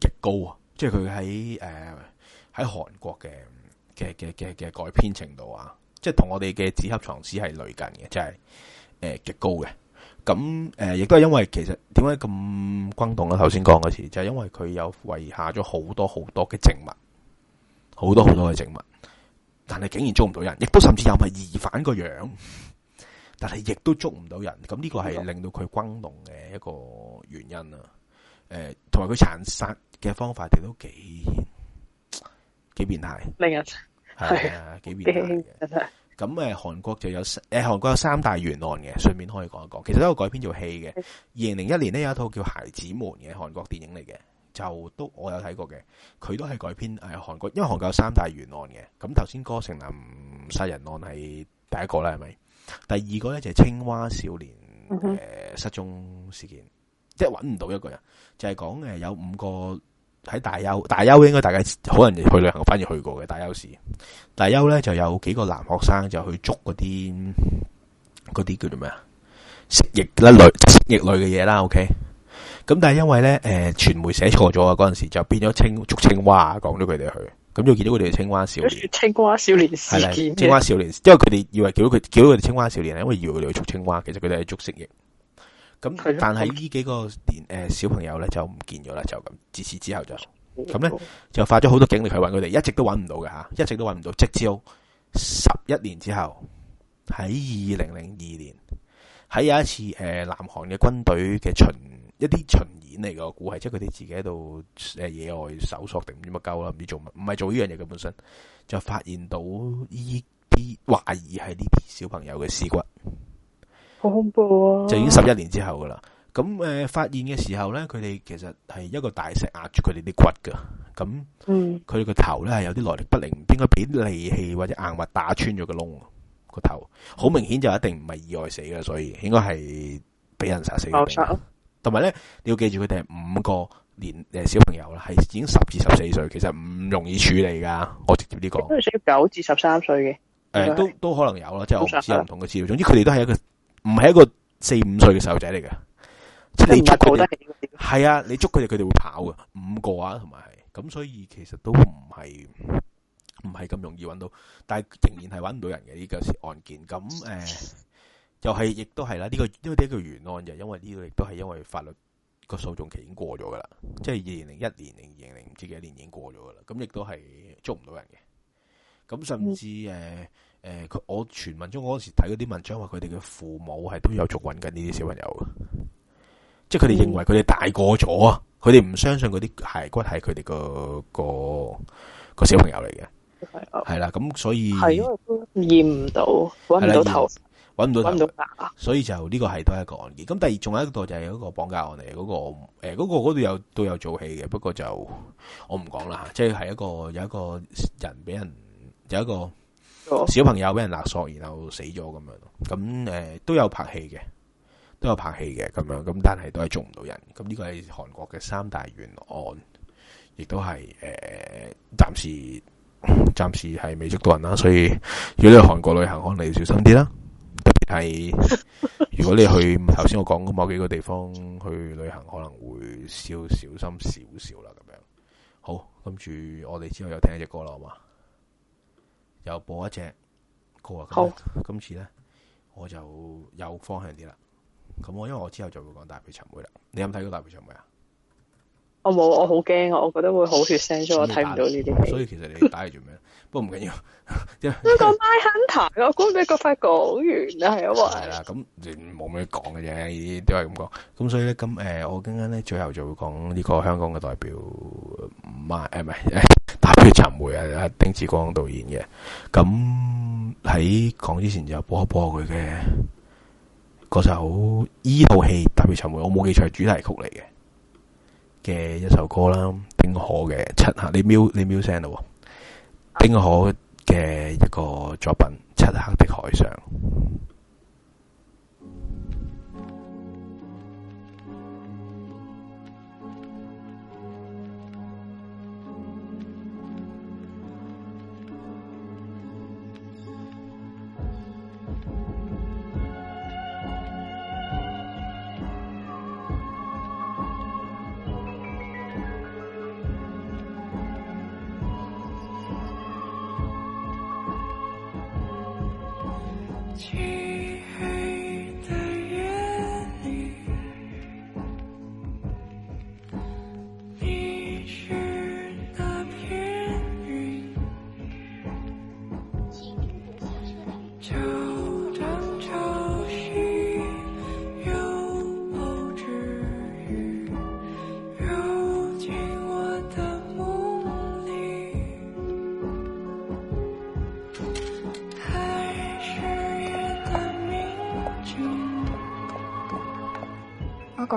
Speaker 1: 極高啊！即係佢喺喺韓國嘅嘅嘅嘅嘅改編程度啊，即係同我哋嘅紙盒藏屍係類近嘅，即係、呃、極高嘅。咁亦、呃、都係因為其實點解咁轟動咧、啊？頭先講嗰次就係、是、因為佢有遺下咗好多好多嘅證物，好多好多嘅證物。但係竟然捉唔到人，亦都甚至又係疑犯個樣，但係亦都捉唔到人，咁呢個係令到佢轟動嘅一個原因啊。誒、呃，同埋佢殘殺嘅方法亦都幾幾變態，另一係啊，幾變態咁誒，韓國就有誒、呃，韓國有三大懸案嘅，順便可以講一講。其實都有個改編做戲嘅。二零零一年呢，有一套叫《孩子們》嘅韓國電影嚟嘅。就都我有睇過嘅，佢都係改編誒韓國，因為韓國有三大懸案嘅。咁頭先歌成林殺人案係第一個啦，係咪？第二個咧就係、是、青蛙少年失蹤事件，嗯、哼即係揾唔到一個人，就係、是、講有五個喺大邱，大邱應該大家好多人去旅行，反而去過嘅大邱市。大邱咧就有幾個男學生就去捉嗰啲嗰啲叫做咩啊？蜥蜴一類，蜥蜴類嘅嘢啦，OK。咁但係因為咧，誒、呃，傳媒寫錯咗啊。嗰陣時就變咗青，捉青蛙啊，講咗佢哋去咁就見到佢哋係青蛙少
Speaker 2: 年。青蛙，年青蛙少
Speaker 1: 年事件 青蛙少年，因為佢哋以為叫咗佢叫咗佢哋青蛙少年，因為以為佢哋捉青蛙，其實佢哋係捉蜥蜴。咁的但係呢幾個年誒、呃、小朋友咧就唔見咗啦，就自此之後就咁咧的就發咗好多警力去搵佢哋，一直都搵唔到嘅吓，一直都搵唔到。直至十一年之後喺二零零二年喺有一次誒、呃，南韓嘅軍隊嘅巡。一啲巡演嚟個估係，即係佢哋自己喺度野外搜索定唔知乜鳩啦，唔知做乜，唔係做呢樣嘢嘅本身，就發現到呢啲懷疑係呢啲小朋友嘅屍骨，
Speaker 2: 好恐怖啊！就已經十一年之
Speaker 1: 後噶啦，咁誒、呃、發現嘅時候咧，佢哋其實係一個大石壓住佢哋啲骨噶，咁，佢個、嗯、頭咧係有啲來歷不靈，應該俾啲利器或者硬物打穿咗個窿個頭，好明顯就一定唔係意外死嘅，所以應該係俾人殺死。同埋咧，你要記住佢哋係五個年誒小朋友啦，係已經十至十四歲，其實唔容易處理噶。我直接呢個，都係需要
Speaker 2: 九至十
Speaker 1: 三歲嘅。誒，都都可能有啦，即係我唔知唔同嘅資料。總之，佢哋都係一個唔係一個四五歲嘅細路仔嚟嘅，即係你捉佢哋，係啊，你捉佢哋，佢哋會跑嘅。五個啊，同埋係咁，所以其實都唔係唔係咁容易揾到，但係仍然係揾唔到人嘅呢、這個案件。咁誒。呃又係、是，亦都係啦。呢、這個都係一個懸案，就因為呢個亦都係因為法律個訴訟期已經過咗噶啦。即係二零零一年零二零零唔知幾多年已經過咗噶啦。咁亦都係捉唔到人嘅。咁甚至誒誒、嗯呃，我傳聞中嗰陣時睇嗰啲文章話，佢哋嘅父母係都有捉緊緊呢啲小朋友。即係佢哋認為佢哋大個咗啊，佢哋唔相信嗰啲骸骨係佢哋個個個小朋友嚟嘅。係啦的，咁所以係因
Speaker 4: 驗唔到，揾唔到頭。
Speaker 1: 揾唔到，到所以就呢個係都係一個案件。咁第二仲有一個就係一個綁架案嚟，嗰、嗰個誒嗰、欸嗰個度有都有做戲嘅，不過就我唔講啦。即係係一個有一個人俾人有一個小朋友俾人勒索，然後死咗咁樣。咁誒都有拍戲嘅，都有拍戲嘅咁樣。咁但係都係捉唔到人。咁呢個係韓國嘅三大懸案，亦都係誒暫時暫時係未捉到人啦。所以如果你去韓國旅行，可能你要小心啲啦。係， 如果你去頭先我講嗰幾個地方去旅行，可能會少小心少少啦，咁樣。好，跟住我哋之後又聽一隻歌啦，好嘛？又播一隻歌啊！好，今次咧我就有方向啲啦。咁我因為我之後就會講大肥柴妹啦。你有冇睇過大肥柴妹啊？
Speaker 2: 我冇，我好
Speaker 1: 驚啊！我覺得會好血腥，所以打我
Speaker 2: 睇唔到呢啲，所以其實你打嚟做咩？ 不過唔緊 要。呢個 Mindhunter，我估唔知個發
Speaker 1: 哥係懸啊，係係啦，咁冇咩講嘅啫，呢啲都係咁講。咁所以咧，咁誒，我陣間咧最後就會講呢個香港嘅代表唔 y 誒，唔係誒，踏血尋梅啊，丁志光導演嘅。咁喺講之前就播一播佢嘅嗰首呢套戲《踏血尋梅》，我冇記錯，係主題曲嚟嘅。嘅一首歌啦，丁可嘅《漆黑》你，你瞄你瞄聲咯，丁可嘅一個作品《漆黑的海上》。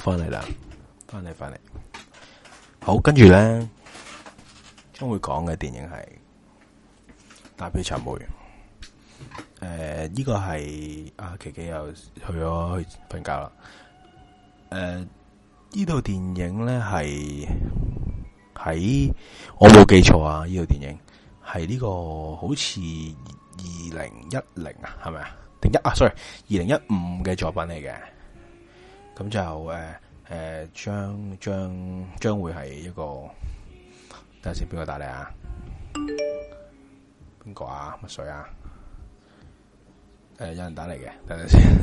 Speaker 1: 翻嚟啦，翻嚟翻嚟，好，跟住咧，將會講嘅電影係《踏血尋梅》。誒、呃，呢、這個係阿、啊、琪琪又去咗去瞓覺啦。誒、呃，呢套電影咧係喺我冇記錯啊，呢套電影係呢、這個好似二零一零啊，係咪啊？定一啊？sorry，二零一五嘅作品嚟嘅。咁就誒誒，將將將會係一個，等陣先，邊個打嚟啊？邊個啊？乜水啊？誒，有人打嚟嘅，等陣先，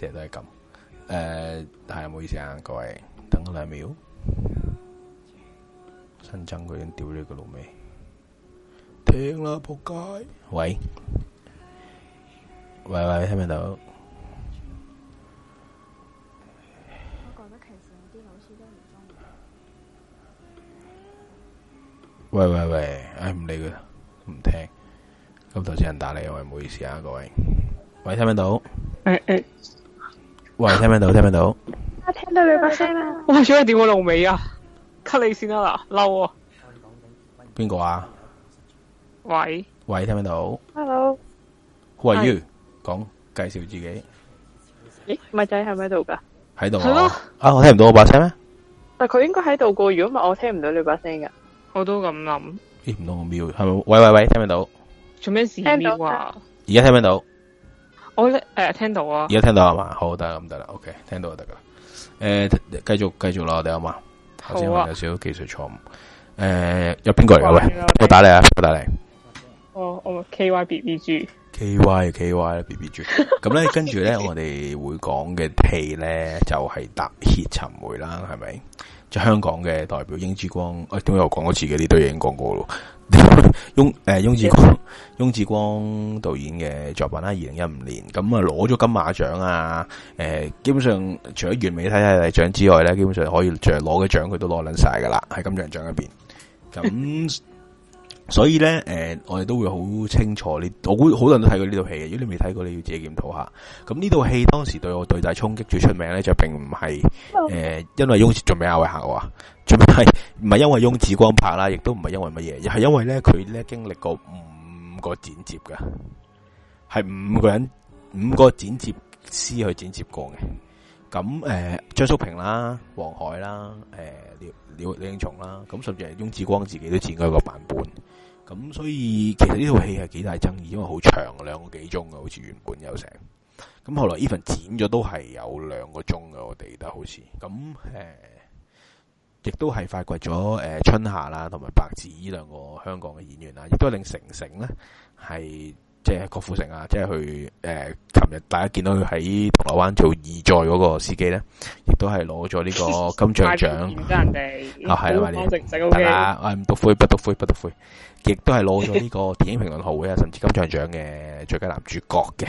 Speaker 1: 成日都係咁。誒，但係冇意思啊，各位等佢兩秒，新疆嗰種屌你個老味，停啦仆街，喂喂喂，聽唔聽到？喂喂喂，唉，唔理佢，唔聽咁頭先人打你，我係唔好意思啊，各位，喂聽唔聽到？哎哎、喂聽唔聽到,聽到、啊啊咳咳啊啊啊？
Speaker 3: 聽唔聽到是是、啊啊？我聽,到,我聲我聽到你把聲啦。哇想點我露尾啊咳，你先得啦，嬲啊！
Speaker 1: 邊個啊？
Speaker 3: 喂喂聽唔聽到？Hello，Who
Speaker 1: are you？講介紹自己。誒
Speaker 2: 咪仔係咪喺度噶？
Speaker 1: 喺度。啊我聽唔到我把聲咩？
Speaker 2: 但佢應該喺度噶，如果唔係我聽唔到你把聲噶。
Speaker 1: 我都咁諗，唔到個秒係咪？喂喂喂，聽唔聽到？做
Speaker 3: 咩事啊？而家聽唔聽到？我咧誒、呃，聽到啊！而
Speaker 1: 家聽到啊嘛，好得啦，得啦，OK，聽到就得噶啦。誒、欸，繼續繼續啦，我哋好嘛。頭先、啊、有少少技術錯誤。誒、欸，有邊個嚟嘅喂？我，我打你啊！我打你。哦哦，K Y B B G。K Y K Y B B G，咁咧，跟住咧，我哋會講嘅戲咧，就係、是、踏血尋梅啦，係咪？就香港嘅代表翁子光，哎，點解我講多次嘅呢堆嘢已經講過咯。翁誒， 翁、呃、子光，翁子光導演嘅作品喺二零一五年，咁啊攞咗金馬獎啊，誒、呃，基本上除咗完美睇太獎之外咧，基本上可以著攞嘅獎佢都攞捻晒噶啦，喺金像獎入邊，咁。所以咧，誒、呃，我哋都會好清楚，我估好多人都睇過呢套戲嘅。如果你未睇過，你要自己檢討下。咁呢套戲當時對我對大衝擊最大衝擊最出名咧，就並唔係誒，因為翁子仲係唔係因為翁子光拍啦，亦都唔係因為乜嘢，係因為咧佢咧經歷過五個剪接噶，係五個人五個剪接師去剪接過嘅。咁誒、呃、張叔平啦、黃海啦、誒、呃、廖廖廖英松啦，咁甚至係翁子光自己都剪開個版本。咁所以其實呢套戲係幾大爭議，因為好長兩個幾鐘嘅，好似原本有成。咁後來 even 剪咗都係有兩個鐘嘅，我哋得好似。咁誒、呃，亦都係發掘咗誒、呃、春夏啦，同埋白只呢兩個香港嘅演員啦，亦都令成成咧係。即係郭富城啊！即係佢。誒、呃，琴日大家見到佢喺銅鑼灣做義載嗰個司機咧，亦都係攞咗呢個金像獎。人
Speaker 3: 哋啊，係啦嘛，你大家誒
Speaker 1: 不讀灰不讀灰不讀灰，亦都係攞咗呢個電影評論學會啊，甚至金像獎嘅最佳男主角嘅。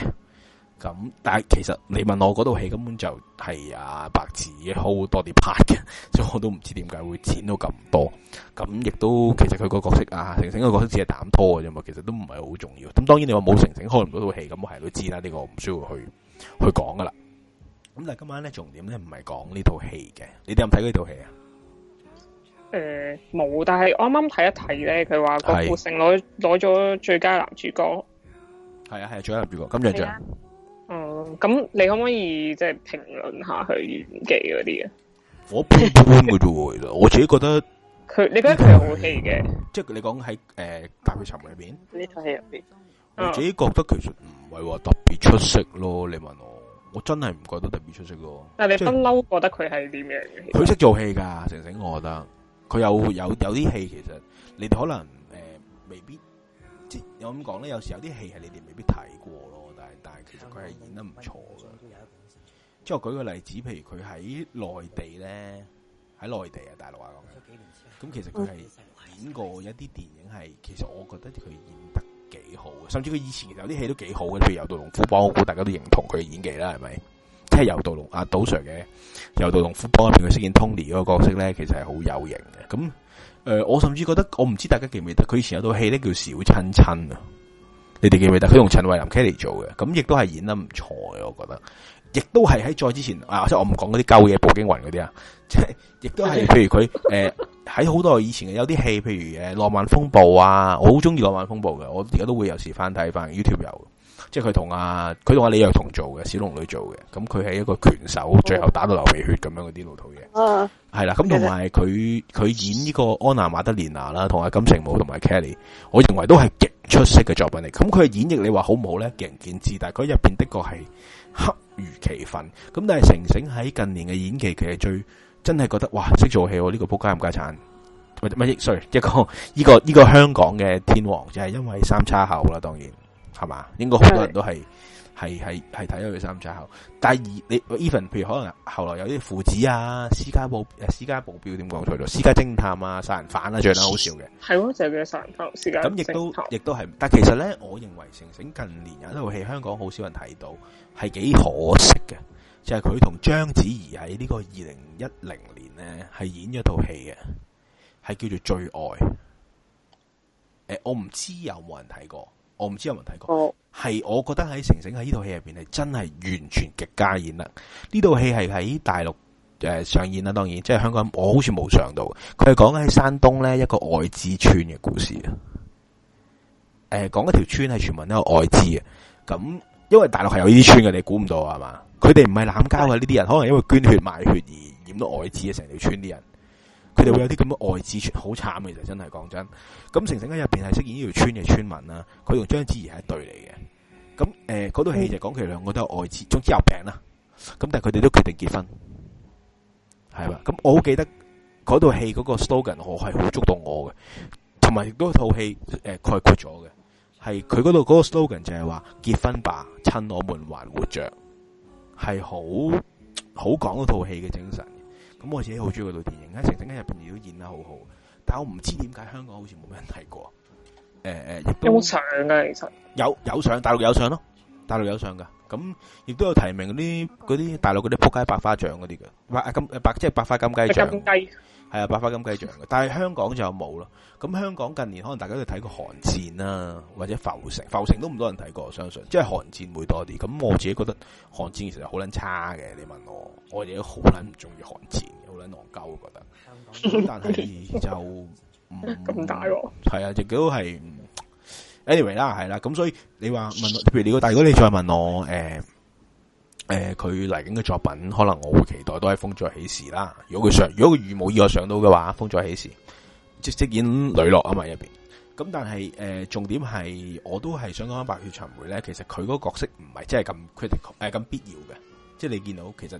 Speaker 1: 咁但係其實你問我嗰套戲根本就係啊白字，好多啲拍嘅，所以我都唔知點解會剪到咁多。咁亦都其實佢個角色啊，成成個角色只係膽拖嘅啫嘛，其實都唔係好重要。咁當然你話冇成成開唔到套戲，咁我係都知啦，呢個我唔需要去去講噶啦。咁但係今晚咧重點咧唔係講呢套戲嘅，你哋有冇睇呢套戲啊？
Speaker 3: 誒，冇，但係我啱啱睇一睇咧，佢話郭富城攞攞咗最佳男主角。
Speaker 1: 係啊係、啊、最佳男主角，金像獎。
Speaker 3: 哦，咁、嗯、你可唔可以即係評論下佢演技嗰啲啊？
Speaker 1: 我一般嘅啫喎， 我自己覺得佢，你覺得佢好戲嘅？ 即係你講喺誒《踏、呃、血尋梅》入邊呢套戲入
Speaker 3: 邊，我自己覺
Speaker 1: 得其實唔係話特別出色咯。你問我， 我真係唔覺得特別出色咯。但係你不
Speaker 3: 嬲即覺得佢係
Speaker 1: 點樣嘅？佢識做戲噶，成成我覺得佢有有有啲戲其實你可能誒、呃、未必即我咁講咧？有時有啲戲係你哋未必睇過。佢係演得唔錯嘅，即係我舉個例子，譬如佢喺內地咧，喺內地啊，大陸話講咁，其實佢係演過一啲電影，係其實我覺得佢演得幾好嘅，甚至佢以前有啲戲都幾好嘅，譬如有《柔道龍虎榜》，我估大家都認同佢嘅演技啦，係咪？即係有《柔道龍》啊，杜 Sir 嘅《柔道龍虎榜》入邊佢飾演 Tony 嗰個角色咧，其實係好有型嘅。咁誒、呃，我甚至覺得，我唔知大家記唔記得，佢以前有套戲咧叫《小親親》啊。你哋記唔記得？佢同陳慧琳 Kelly 做嘅，咁亦都係演得唔錯，我覺得，亦都係喺再之前啊，即我唔講嗰啲舊嘢，《步驚雲那些》嗰啲啊，即係亦都係，譬如佢誒喺好多以前嘅有啲戲，譬如誒《浪漫風暴》啊，我好中意《浪漫風暴》嘅，我而家都會有時翻睇翻，YouTube 有，即係佢同阿佢同阿李若彤做嘅，小龍女做嘅，咁佢係一個拳手，最後打到流鼻血咁樣嗰啲老土
Speaker 4: 嘢，
Speaker 1: 係啦， 咁同埋佢佢演呢個安娜瑪德蓮娜啦，同阿金城武同埋 Kelly，我認為都係極。出色嘅作品嚟，咁佢嘅演繹你話好唔好咧？見仁見智，但係佢入邊的確係恰如其分。咁但係成成喺近年嘅演技，佢係最真係覺得哇，識做戲呢個撲街冚家產，咪咪，sorry，一個呢個呢個香港嘅天王就係、是、因為三叉口啦，當然係嘛，應該好多人都係。係係係睇咗佢三齣後，但係你 even 譬如可能後來有啲父子啊私家保誒私家保鏢點講錯咗私家偵探啊殺人犯啊，最係好笑嘅。係咯的，就係佢哋殺人犯咁亦都亦常都係，但其實咧，我認為城城近年有一套戲，香港好少人睇到，係幾可惜嘅。就係佢同章子怡喺呢個二零一零年咧，係演咗套戲嘅，係叫做《最愛》。誒、欸，我唔知有冇人睇過，我唔知有冇人睇過。哦係，是我覺得喺成成喺呢套戲入邊係真係完全極佳演啦！呢套戲係喺大陸誒上演啦，當然即係香港我好似冇上到。佢係講喺山東咧一個艾滋村嘅故事，誒講嗰條村係全民一個艾滋啊。咁因為大陸係有呢啲村嘅，你估唔到啊嘛？佢哋唔係濫交嘅，呢啲是的 人可能因為捐血賣血而染到艾滋啊，成條村啲人。佢哋會有啲咁嘅愛滋村好慘嘅，就真係講真的。咁城城喺入邊係飾演呢條村嘅村民啦，佢同章子怡係一對嚟嘅。咁誒，嗰套戲就講佢哋兩個都係愛滋，總之有病啦。咁但係佢哋都決定結婚，係嘛？咁我好記得嗰套戲嗰個 slogan，我係好觸動我嘅，同埋亦都套戲誒概括咗嘅，係佢嗰度嗰個 slogan 就係話結婚吧，趁我們還活着，係好好講嗰套戲嘅精神。咁我自己好中意嗰套電影，阿成成喺入邊亦都演得好好，但係我唔知點解香港好似冇咩人睇過。誒誒，有上噶其實，有有上，大陸有上咯，大陸有上噶，咁亦都有提名嗰啲嗰啲大陸嗰啲撲街百花獎嗰啲嘅，百金即係百花金雞獎。係啊，百花金雞獎嘅，但係香港就冇咯。咁香港近年可能大家都睇過寒戰啦、啊，或者浮城，浮城都唔多人睇過，我相信。即係寒戰會多啲。咁我自己覺得寒戰其實好撚差嘅。你問我，我哋都好撚唔中意寒戰，好撚戇鳩我覺得。但係就咁、 嗯、大喎。係啊，隻狗係亦都係。anyway 啦，係啦。咁所以你話問我，譬如你個，但係如果你再問我，誒、呃。誒，佢嚟緊嘅作品，可能我會期待都係《風再起時》啦。如果佢上，如果佢如無意外上到嘅話，《風再起時》即即演磊落啊，埋入邊。咁、嗯、但係誒、呃，重點係我都係想講《踏血尋梅》咧。其實佢嗰個角色唔係真係咁 critical，誒、呃、咁必要嘅。即係你見到，其實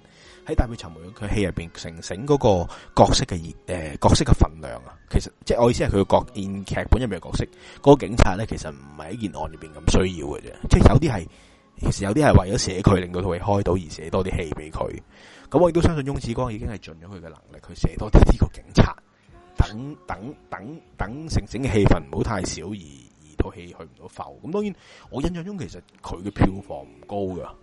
Speaker 1: 喺《踏血尋梅》佢戲入邊，成成嗰個角色嘅熱誒角色嘅分量啊，其實即係我意思係佢嘅角演劇本入面嘅角色，嗰、那個警察咧，其實唔係一件案入邊咁需要嘅啫。即係有啲係。其實有啲係為咗寫佢令到套戲開到而寫多啲戲俾佢，咁我亦都相信翁子光已經係盡咗佢嘅能力，佢寫多啲呢個警察等等等等成整嘅氣氛，唔好太少而，而套戲去唔到埠。咁當然，我印象中其實佢嘅票房唔高噶，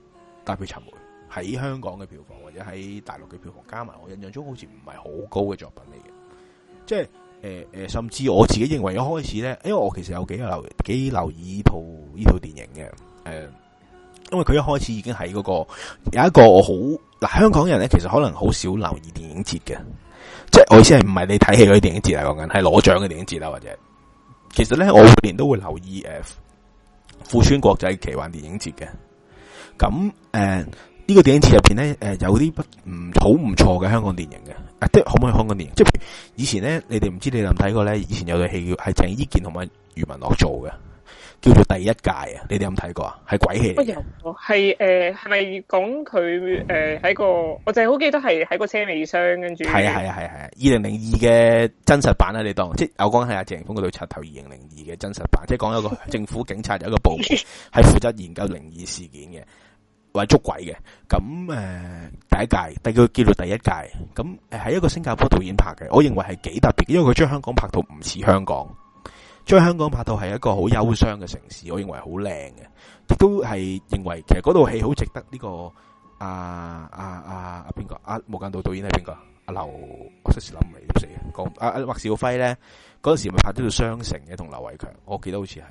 Speaker 1: 踏血尋梅喺香港嘅票房或者喺大陸嘅票房加埋，我印象中好似唔係好高嘅作品嚟嘅。即係誒誒，甚至我自己認為一開始咧，因為我其實有幾留幾留意套呢套電影嘅誒。呃因為佢一開始已經喺嗰、那個有一個我好嗱香港人咧，其實可能好少留意電影節嘅，即係我意思係唔係你睇戲嗰啲電影節嚟講緊，係攞獎嘅電影節啦，或者其實咧我每年都會留意誒、呃、富川國際奇幻電影節嘅。咁誒呢個電影節入邊咧誒有啲唔好唔錯嘅香港電影嘅，啊即係可唔可以香港電影？即係以前咧，你哋唔知道你有冇睇過咧，以前有套戲叫係鄭伊健同埋余文樂做嘅。叫做第一屆啊！你哋有冇睇過啊？係鬼戲嚟。有係誒，
Speaker 3: 係咪講佢誒喺個？我淨係好記得係喺個車尾箱跟住。係啊係啊係係。
Speaker 1: 二零零二嘅真實版喺你當即係我講係阿鄭風個女插頭。二零零二嘅真實版，你當即係講、啊、 一個政府警察有一個部門係負責研究靈異事件嘅，或者捉鬼嘅。咁誒、呃，第一屆，但佢叫做第一屆咁誒，喺一個新加坡導演拍嘅，我認為係幾特別，因為佢將香港拍到唔似香港。將香港拍到係一個好憂傷嘅城市，我認為好靚嘅，亦都係認為其實嗰套戲好值得呢、這個啊啊啊邊個啊？無、啊、間、啊啊、道導演係邊個阿劉，我一時諗唔嚟點死嘅，講啊啊，麥兆輝咧嗰陣時咪拍咗套雙城嘅，同劉偉強，我記得好似係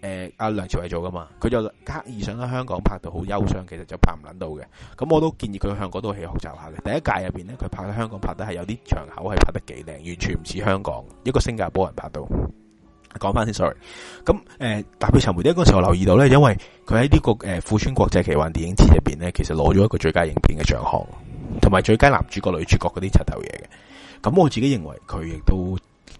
Speaker 1: 誒阿梁朝偉做噶嘛，佢就刻意想喺香港拍到好憂傷，其實就拍唔捻到嘅。咁我都建議佢向嗰套戲學習下嘅。第一屆入邊咧，佢拍喺香港拍得係有啲場口係拍得幾靚，完全唔似香港一個新加坡人拍到。講翻先，sorry。咁誒，踏血尋梅咧嗰個時候，留意到咧，因為佢喺呢個誒富川國際奇幻電影節入邊咧，其實攞咗一個最佳影片嘅獎項，同埋最佳男主角、女主角嗰啲柒頭嘢嘅。咁我自己認為佢亦都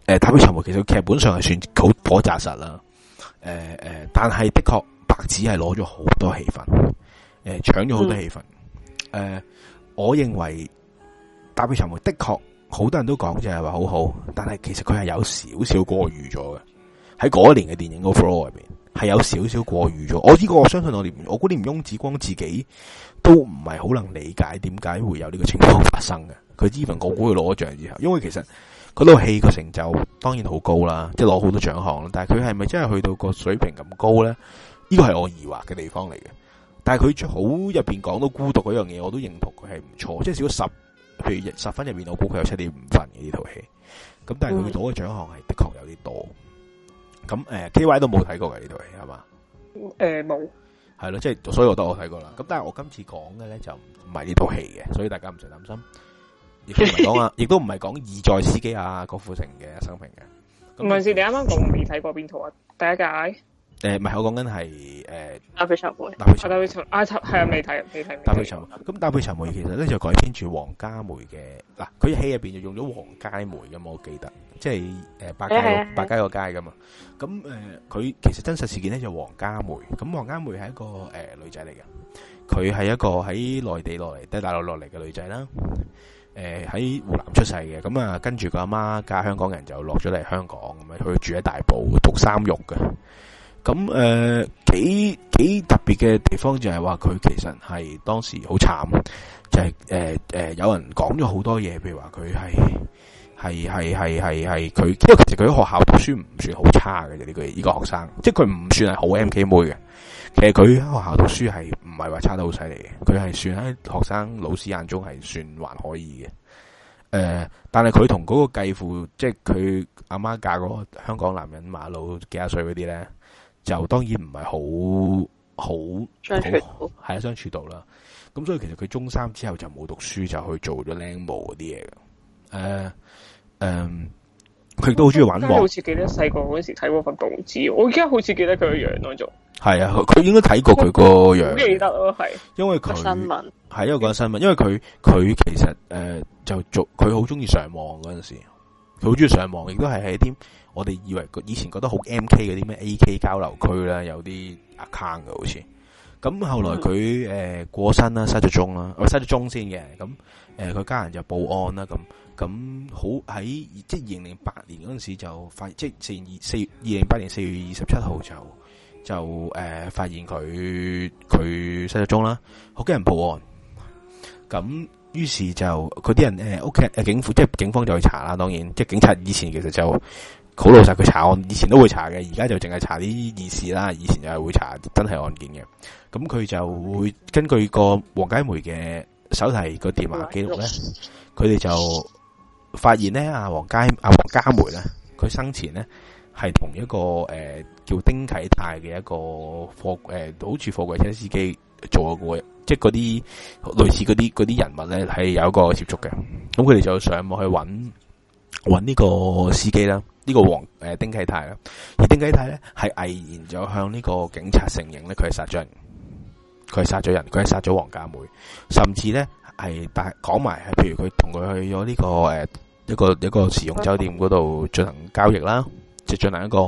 Speaker 1: 誒，踏血尋梅其實劇本上係算好火扎實啦。誒、呃、誒、呃，但係的確白只係攞咗好多戲份，誒搶咗好多戲份。誒、嗯呃，我認為踏血尋梅的確好多人都講就係話好好，但係其實佢係有少少過譽咗嘅。喺嗰一年嘅電影個 flow 入邊，係有少少過譽咗。我呢個我相信我，我估你唔翁子光自己都唔係好能理解點解會有呢個情況發生嘅。佢 even 我估佢攞咗獎之後，因為其實嗰套戲個成就當然好高啦，即係攞好多獎項啦。但係佢係咪真係去到個水平咁高咧？呢個係我疑惑嘅地方嚟嘅。但係佢好入邊講到孤獨嗰樣嘢，我都認同佢係唔錯，即係少十譬如十分入面，我估佢有七點五分嘅呢套戲。咁但係佢攞嘅獎項係的確有啲多。咁誒、呃、K Y 都冇睇過嘅呢套戲係嘛？誒、這個，冇係咯，即係所以我都我睇過啦。咁但係我今次講嘅咧就唔係呢套戲嘅，所以大家唔使擔心。亦都唔係講啊， 亦都唔係講二載司機啊，郭富城嘅生平嘅。
Speaker 3: 唔係事，你啱啱講未睇過邊套啊？
Speaker 1: 第一集誒，唔係、呃、我講緊係誒，踏血尋梅，
Speaker 3: 踏血尋梅，踏血尋梅係啊，未睇，未睇、嗯。踏血尋
Speaker 1: 梅咁踏血尋梅，其實咧就改編住王嘉梅嘅嗱，佢戲入邊就用咗王佳梅咁，我記得。即係誒，百佳個百佳個街咁啊！咁誒，佢、呃、其實真實事件咧就黃、是、家梅。咁黃家梅係一個誒、呃、女仔嚟嘅，佢係一個喺內地落嚟，低大陸落嚟嘅女仔啦。誒、呃，喺湖南出世嘅，咁啊，跟住佢阿媽嫁香港人，就落咗嚟香港咁啊，佢住喺大埔讀三育嘅。咁誒、呃，幾幾特別嘅地方就係話佢其實係當時好慘，就係誒誒，有人講咗好多嘢，譬如話佢係。係係係係係佢，因為其實佢喺學校讀書唔算好差嘅。啫，呢個呢個學生，即係佢唔算係好 MK 妹嘅。其實佢喺學校讀書係唔係話差得好犀利嘅。佢係算喺學生老師眼中係算還可以嘅。誒、呃，但係佢同嗰個繼父，即係佢阿媽嫁嗰個香港男人，馬路幾廿歲嗰啲咧，就當然唔係好好相處到係相處到啦。咁所以其實佢中三之後就冇讀書，就去做咗靚模嗰啲嘢嘅誒。呃誒，佢都、嗯、好中意玩網。我好似記得細
Speaker 3: 個嗰時睇過份報紙，我而家好似記得佢聞個樣嗰
Speaker 1: 種。係啊，佢應該睇過佢個樣。記得
Speaker 3: 咯，係。因為佢新聞
Speaker 1: 係因為講新聞，因為佢佢其實誒、呃、就做，佢好中意上網嗰陣時候，佢好中意上網，亦都係喺啲我哋以為以前覺得好 M K 嗰啲咩 A K 交流區啦，有啲 account 嘅好似。咁後來佢誒、嗯、過身啦，失咗蹤啦，我失咗蹤先嘅。咁誒，佢家人就報案啦，咁。咁好喺即係二零零八年嗰陣時就發，即係四二四二零八年四月二十七號就就誒、呃、發現佢佢失咗蹤啦。好多人報案咁，於是就嗰啲人誒屋企誒警輔、呃、即係警方就去查啦。當然即係警察以前其實就好老實，佢查案以前都會查嘅。而家就淨係查啲意事啦。以前就係會查真係案件嘅。咁佢就會根據個王佳梅嘅手提個電話記錄咧，佢哋、啊、就。發現咧，阿黃佳阿黃家梅咧，佢生前咧係同一個誒、呃、叫丁啟泰嘅一個貨誒、呃，好似貨櫃車司機做嘅即係嗰啲類似嗰啲啲人物咧係有一個接觸嘅。咁佢哋就上網去揾，揾呢個司機啦，呢、這個黃誒、呃、丁啟泰啦。而丁啟泰咧係毅然就向呢個警察承認咧，佢係殺咗人，佢係殺咗人，佢係殺咗黃家梅，甚至咧係講講埋，係譬如佢同佢去咗呢、這個誒。呃一個一個時用酒店嗰度進行交易啦，即係進行一個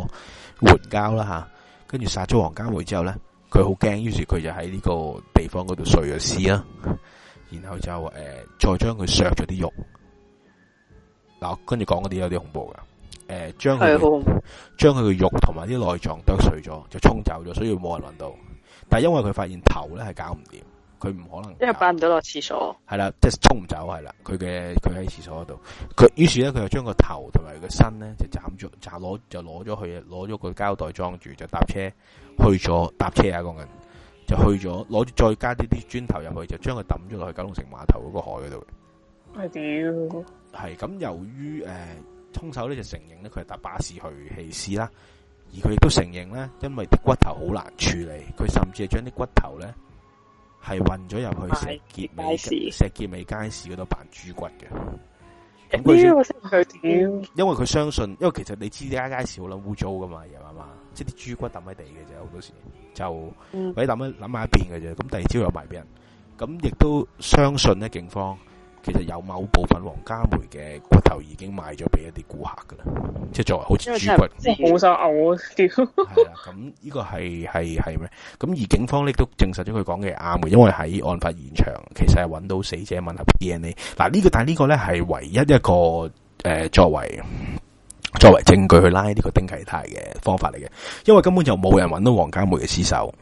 Speaker 1: 援交啦吓，跟住殺咗王嘉梅之後咧，佢好驚，於是佢就喺呢個地方嗰度碎咗屍啦，然後就誒、呃、再將佢削咗啲肉，嗱跟住講嗰啲有啲恐怖噶，誒將係將佢嘅肉同埋啲內臟剁碎咗，就沖走咗，所以冇人揾到。但係因為佢發現頭咧係搞唔掂。佢唔可能，
Speaker 2: 因為擺唔到落廁所，
Speaker 1: 係啦，即係沖唔走，係啦，佢嘅佢喺廁所嗰度，佢於是咧，佢就將個頭同埋個身咧就斬咗，就攞就攞咗去，攞咗個膠袋裝住，就搭車去咗，搭車啊，個人，就去咗，攞住再加啲啲磚頭入去，就將佢抌咗落去九龍城碼頭嗰個海嗰度。係屌，係咁由於誒，凶、呃、手咧就承認咧，佢係搭巴士去棄屍啦，而佢亦都承認咧，因為啲骨頭好難處理，佢甚至係將啲骨頭咧。係混咗入去石硤尾石硤尾街市嗰度扮豬骨嘅，我佢、哎呀？嗯、因為佢相信，嗯、因為其實你知，啲家街市好捻污糟噶嘛，係嘛，即係啲豬骨抌喺地嘅啫，好多時就喺抌喺抌埋一邊嘅啫。咁第二朝又賣俾人，咁亦都相信咧警方，其實有某部分黃家梅嘅骨頭已經賣咗俾一啲顧客噶啦，即係作為好似豬骨。我好想嘔，屌！ 係啊，咁呢個係係係咩？咁而警方亦都證實咗佢講嘅啱嘅，因為喺案發現場其實係揾到死者吻合 D N A，呢個。嗱，呢個但係呢個咧係唯一一個誒、呃、作為作為證據去拉呢個丁啟泰嘅方法嚟嘅，因為根本就冇人揾到黃家梅嘅屍首，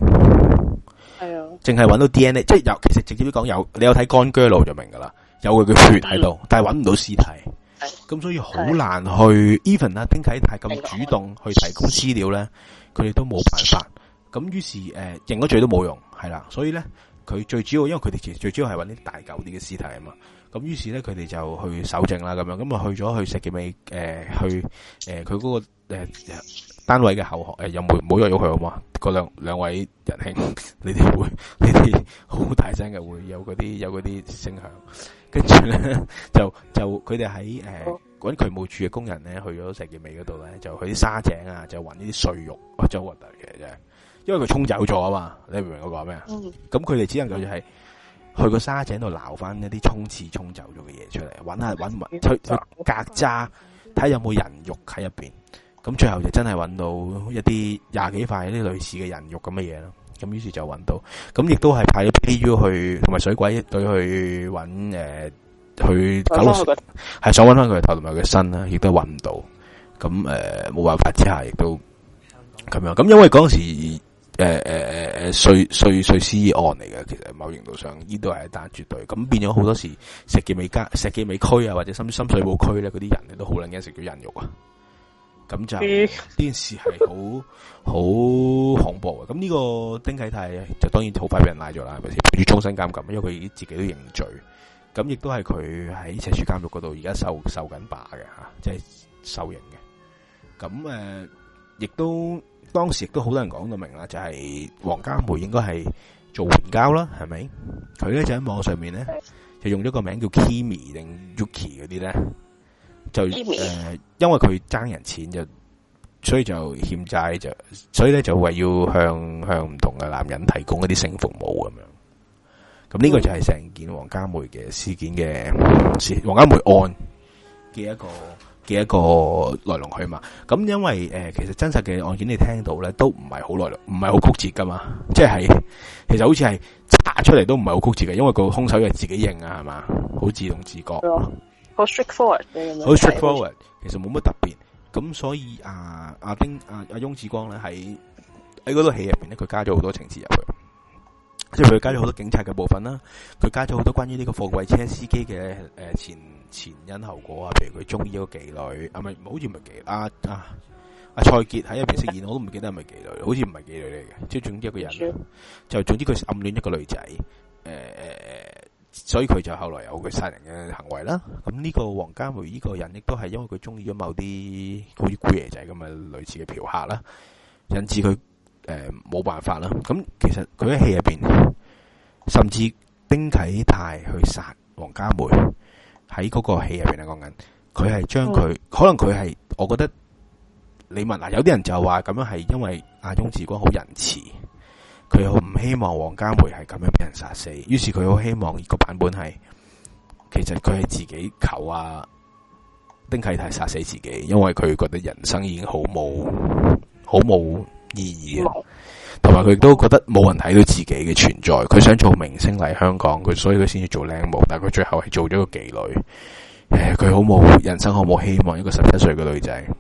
Speaker 1: 係啊的，淨係揾到 D N A，即係有其實直接啲講有你有睇干居路就明噶啦。有佢嘅血喺度，但係揾唔到屍體，咁所以好難去 even 啦。丁啟泰咁主動去提供資料咧，佢哋都冇辦法。咁於是誒、呃、認咗罪都冇用，係啦。所以咧，佢最主要，因為佢哋其實最主要係揾啲大舊啲嘅屍體啊嘛。咁於是咧，佢哋就去搜證啦，咁樣咁啊去咗去石硖尾誒去誒佢嗰個誒單位嘅後學誒有冇冇肉肉響好嘛？嗰兩兩位仁兄，你哋會你哋好大聲嘅，會有嗰啲有嗰啲聲響。跟住咧就就佢哋喺誒揾渠務署嘅工人咧，去咗石硖尾嗰度咧，就去啲沙井啊，就揾呢啲碎肉，好核突嘅真係，因為佢沖走咗啊嘛，你明唔明我講咩啊？咁佢哋只能夠就係。去個沙井度撈翻一啲沖廁沖走咗嘅嘢出嚟，揾下揾埋去去隔渣，睇有冇人肉喺入邊。咁最後就真係揾到一啲廿幾塊啲類似嘅人肉咁嘅嘢咯。咁於是就揾到，咁亦都係派咗 P.U. 去同埋水鬼一隊去揾誒、呃，去九係麼想揾翻佢嘅頭同埋佢身啦，亦都揾唔到。咁誒冇辦法之下，亦都咁樣。咁因為嗰陣時。誒誒誒誒，碎碎碎屍案嚟嘅，其實某程度上呢度係一單絕對，咁變咗好多時石硖尾街、石硖尾區啊，或者深深水埗區咧，嗰啲人咧都好捻驚食咗人肉啊！咁、啊、就呢、嗯、件事係好好恐怖嘅。咁呢個丁啟泰就當然好快俾人拉咗啦，係咪先？要終身監禁，因為佢自己都認罪。咁亦都係佢喺赤柱監獄嗰度，而家受受緊霸嘅吓、啊，即係受刑嘅。咁誒，亦、呃、都。當時亦都好多人講到明啦，就係王家梅應該係做援交啦，係咪？佢咧就喺網上面咧，就用咗個名叫 Kimi 定 Yuki 嗰啲咧，就誒，因為佢爭人錢就，所以就欠債就，所以咧就話要向向唔同嘅男人提供一啲性服務咁樣。咁呢個就係成件王家梅嘅事件嘅事王家梅案嘅一個嘅一個來龍去脈，咁因為、呃、其實真實嘅案件你聽到咧，都唔係好來龍，唔係好曲折㗎嘛。即係其實好似係查出嚟都唔係好曲折嘅，因為個兇手又自己認啊，係嘛，好自動自覺，
Speaker 2: 好 straightforward，好 straightforward，
Speaker 1: 其實冇乜特別。咁所以啊，阿、啊、丁、阿阿翁子光咧喺喺嗰套戲入面咧，佢加咗好多情節入去，即係佢加咗好多警察嘅部分啦，佢加咗好多關於呢個貨櫃車司機嘅、呃、前前因後果啊，譬如佢中意嗰妓女，係、啊、咪？好似唔係妓啊啊蔡潔喺入邊飾演，我都唔記得係咪妓女，好似唔係妓女嚟嘅，即係總之一個人，就總之佢暗戀一個女仔，誒、呃、所以佢就後來有佢殺人嘅行為啦。咁呢個王佳梅呢個人亦都係因為佢中意咗某啲好似姑爺仔咁嘅類似嘅嫖客啦，引致佢誒冇辦法啦。咁其實佢喺戲入邊，甚至丁啟泰去殺王佳梅。喺嗰個戲入邊嚟講緊，佢係將佢可能佢係，我覺得你問啊，有啲人就話咁樣係因為阿翁子光好仁慈，佢好唔希望王佳梅係咁樣俾人殺死，於是佢好希望呢個版本係，其實佢係自己求啊丁啟泰殺死自己，因為佢覺得人生已經好冇好冇，很意義同埋佢都覺得冇人睇到自己嘅存在，佢想做明星嚟香港，佢所以佢先至做靚模，但係佢最後係做咗個妓女。誒，佢好冇人生，好冇希望，一個十七歲嘅女仔。誒、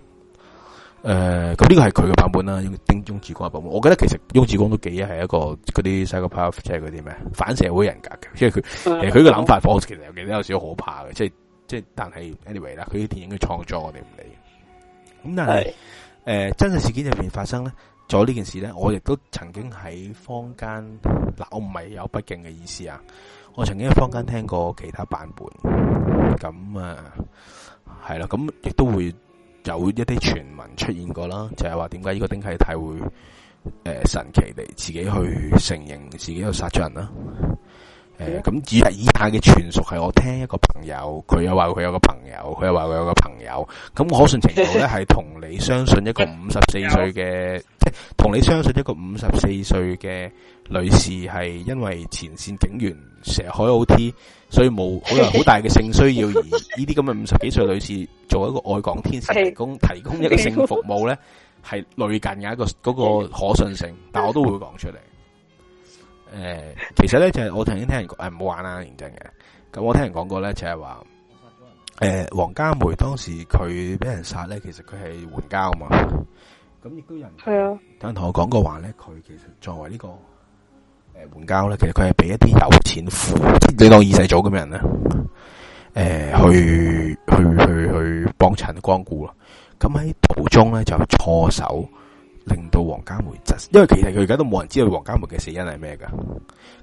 Speaker 1: 呃，咁呢個係佢嘅版本啦，丁、翁子光嘅版本。我覺得其實翁子光都幾係一個嗰啲 psychopath，即係嗰啲咩反社會人格嘅，因為佢其實佢嘅諗法，我其實有啲有少少可怕嘅，即係即係但係 anyway 啦，佢啲電影嘅創作我哋唔理。咁但係誒對、呃，真實事件入邊發生咧？做呢件事咧，我亦都曾經喺坊間，嗱，我唔係有不敬嘅意思啊，我曾經喺坊間聽過其他版本，咁啊，係啦，咁亦都會有一啲傳聞出現過啦，就係話點解呢個丁啟泰會誒神奇地自己去承認自己去殺咗人啦？誒，咁、呃、以以下嘅傳述係我聽一個朋友，佢又話佢有個朋友，佢又話佢有個朋友。咁可信程度咧，係同你相信一個五十四歲嘅，即係同你相信一個五十四歲嘅女士係因為前線警員成日開 O T，所以冇可能好大嘅性需要，而呢啲咁嘅五十幾歲女士做一個愛港天使提供提供一個性服務咧，係類近嘅一個嗰個可信性，但我都會講出嚟。誒、呃，其實咧就係、是、我曾經聽人誒唔好玩啦，認真嘅。咁我聽人講過咧，就係、是、話，誒、呃，王嘉梅當時佢俾人殺咧，其實佢係援交啊嘛。咁亦都有人
Speaker 4: 係啊。等
Speaker 1: 人同我講過話咧，佢其實作為、這個呃，呢個誒援交咧，其實佢係俾一啲有錢富，即 你當二世祖咁樣人咧，誒、呃，去去去去幫襯光顧咯。咁、啊、喺途中咧就錯手。令到王家梅窒息，因為其實佢而家，都冇人知道王家梅嘅死因係咩噶。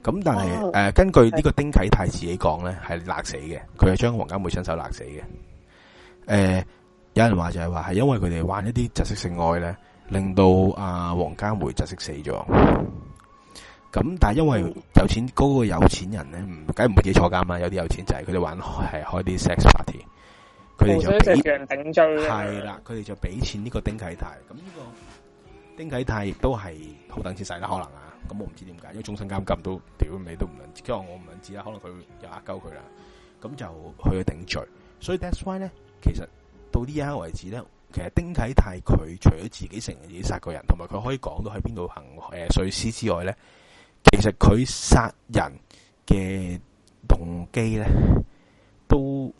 Speaker 1: 咁但係誒、oh. 呃，根據呢個丁啟泰自己講咧，係勒死嘅。佢係將王家梅親手勒死嘅。誒、呃，有人話就係話係因為佢哋玩一啲窒息性愛咧，令到啊、呃、王家梅窒息死咗。咁但係因為有錢嗰個有錢人咧，唔梗係唔會坐監啊。有啲有錢仔，佢哋玩係開啲 sex party，佢哋就俾人頂罪係啦。佢哋就俾錢呢個丁啟泰咁，呢、這個丁啟泰亦都係好等錢使啦，可能啊，咁我唔知點解，因為終身監禁都屌你都唔能，即係我唔能知啦，可能佢又呃鳩佢啦，咁就去頂罪。所以 that's why 咧，其實到呢一刻為止咧，其實丁啟泰佢除咗自己承認自己殺個人，同埋佢可以講到喺邊度行誒碎屍之外咧，其實佢殺人嘅動機咧都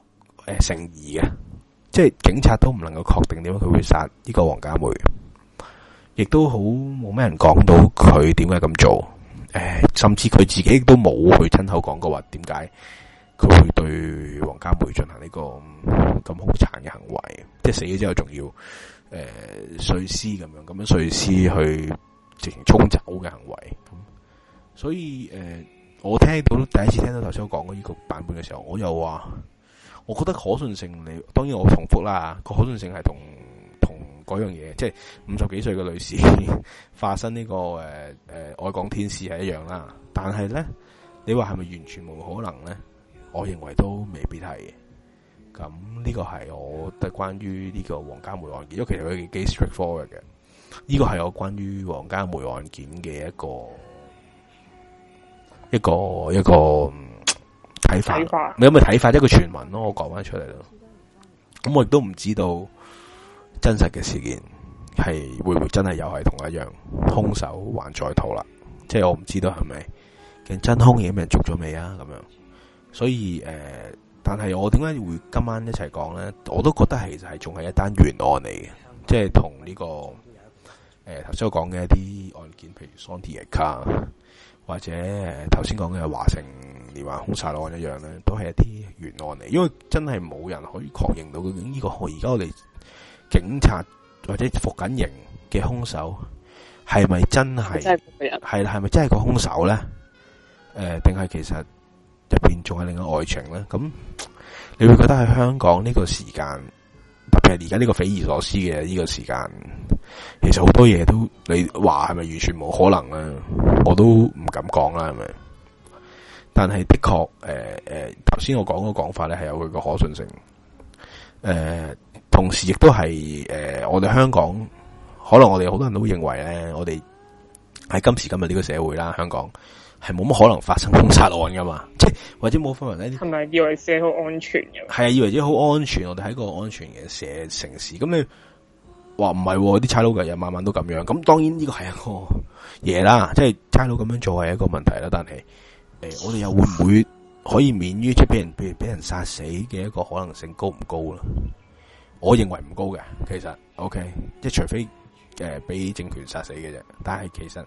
Speaker 1: 誒成疑嘅，即係警察都唔能夠確定點解佢會殺呢個黃家梅。亦都好冇咩人講到佢點解咁做，誒，甚至佢自己都冇去親口講過話點解佢會對王嘉梅進行呢個咁好殘嘅行為，即係死咗之後仲要誒、呃、碎屍咁樣，咁樣碎屍去直情沖走嘅行為。所以誒、呃，我聽到第一次聽到頭先我講嘅呢個版本嘅時候，我又話，我覺得可信性你當然我重複啦，個可信性係同。嗰樣嘢，即係五十幾歲嘅女士化身呢個誒誒、呃呃、愛港天使係一樣啦。但係咧，你話係咪完全冇可能咧？我認為都未必係。咁呢個係我得關於呢個王嘉梅案件，因為其實佢幾 straightforward 嘅。呢個係我關於王嘉梅案件嘅一個一個一個睇法。你有冇睇法？一個傳聞咯，我講翻出嚟。咯，咁我亦都唔知道。真實嘅事件係會唔會真係又係同一樣，兇手還在逃啦，即係我唔知道係咪，跟真兇俾人捉咗未啊？咁樣，所以誒、呃，但係我點解會今晚一齊講咧？我都覺得其實係仲係一單懸案嚟嘅，即係同呢個誒頭先我講嘅一啲案件，譬如桑蒂耶卡，a, 或者誒頭先講嘅華城連環兇殺案一樣咧，都係一啲懸案嚟，因為真係冇人可以確認到呢、這個而家我哋。警察或者服緊刑嘅兇手係咪真係係？係咪真係個兇手咧？誒、呃，定係其實入邊仲係另外一個愛情咧？咁你會覺得喺香港呢個時間，特別係而家呢個匪夷所思嘅呢個時間，其實好多嘢，都你話係咪完全冇可能啊？我都唔敢講啦，係咪？但係的確，誒、呃、誒，頭、呃、先我講嗰個講法咧，係有佢個可信性，誒、呃。同時亦都係誒，我哋香港可能我哋好多人都會認為咧，我哋喺今時今日呢個社會啦，香港係冇乜可能發生凶殺案噶嘛？即係或者冇可能啲，係咪以為社好安全嘅？係啊，以為自己好安全，我哋喺個安全嘅社城市咁。你話唔係啲差佬又日慢都咁樣咁，當然呢個係一個嘢啦。即係差佬咁樣做係一個問題啦，但係誒、呃，我哋又會唔會可以免於即係俾人，譬如俾人殺死嘅一個可能性高唔高啦？我認為唔高嘅，其實 OK，即係除非誒俾、呃、政權殺死嘅啫。但係其實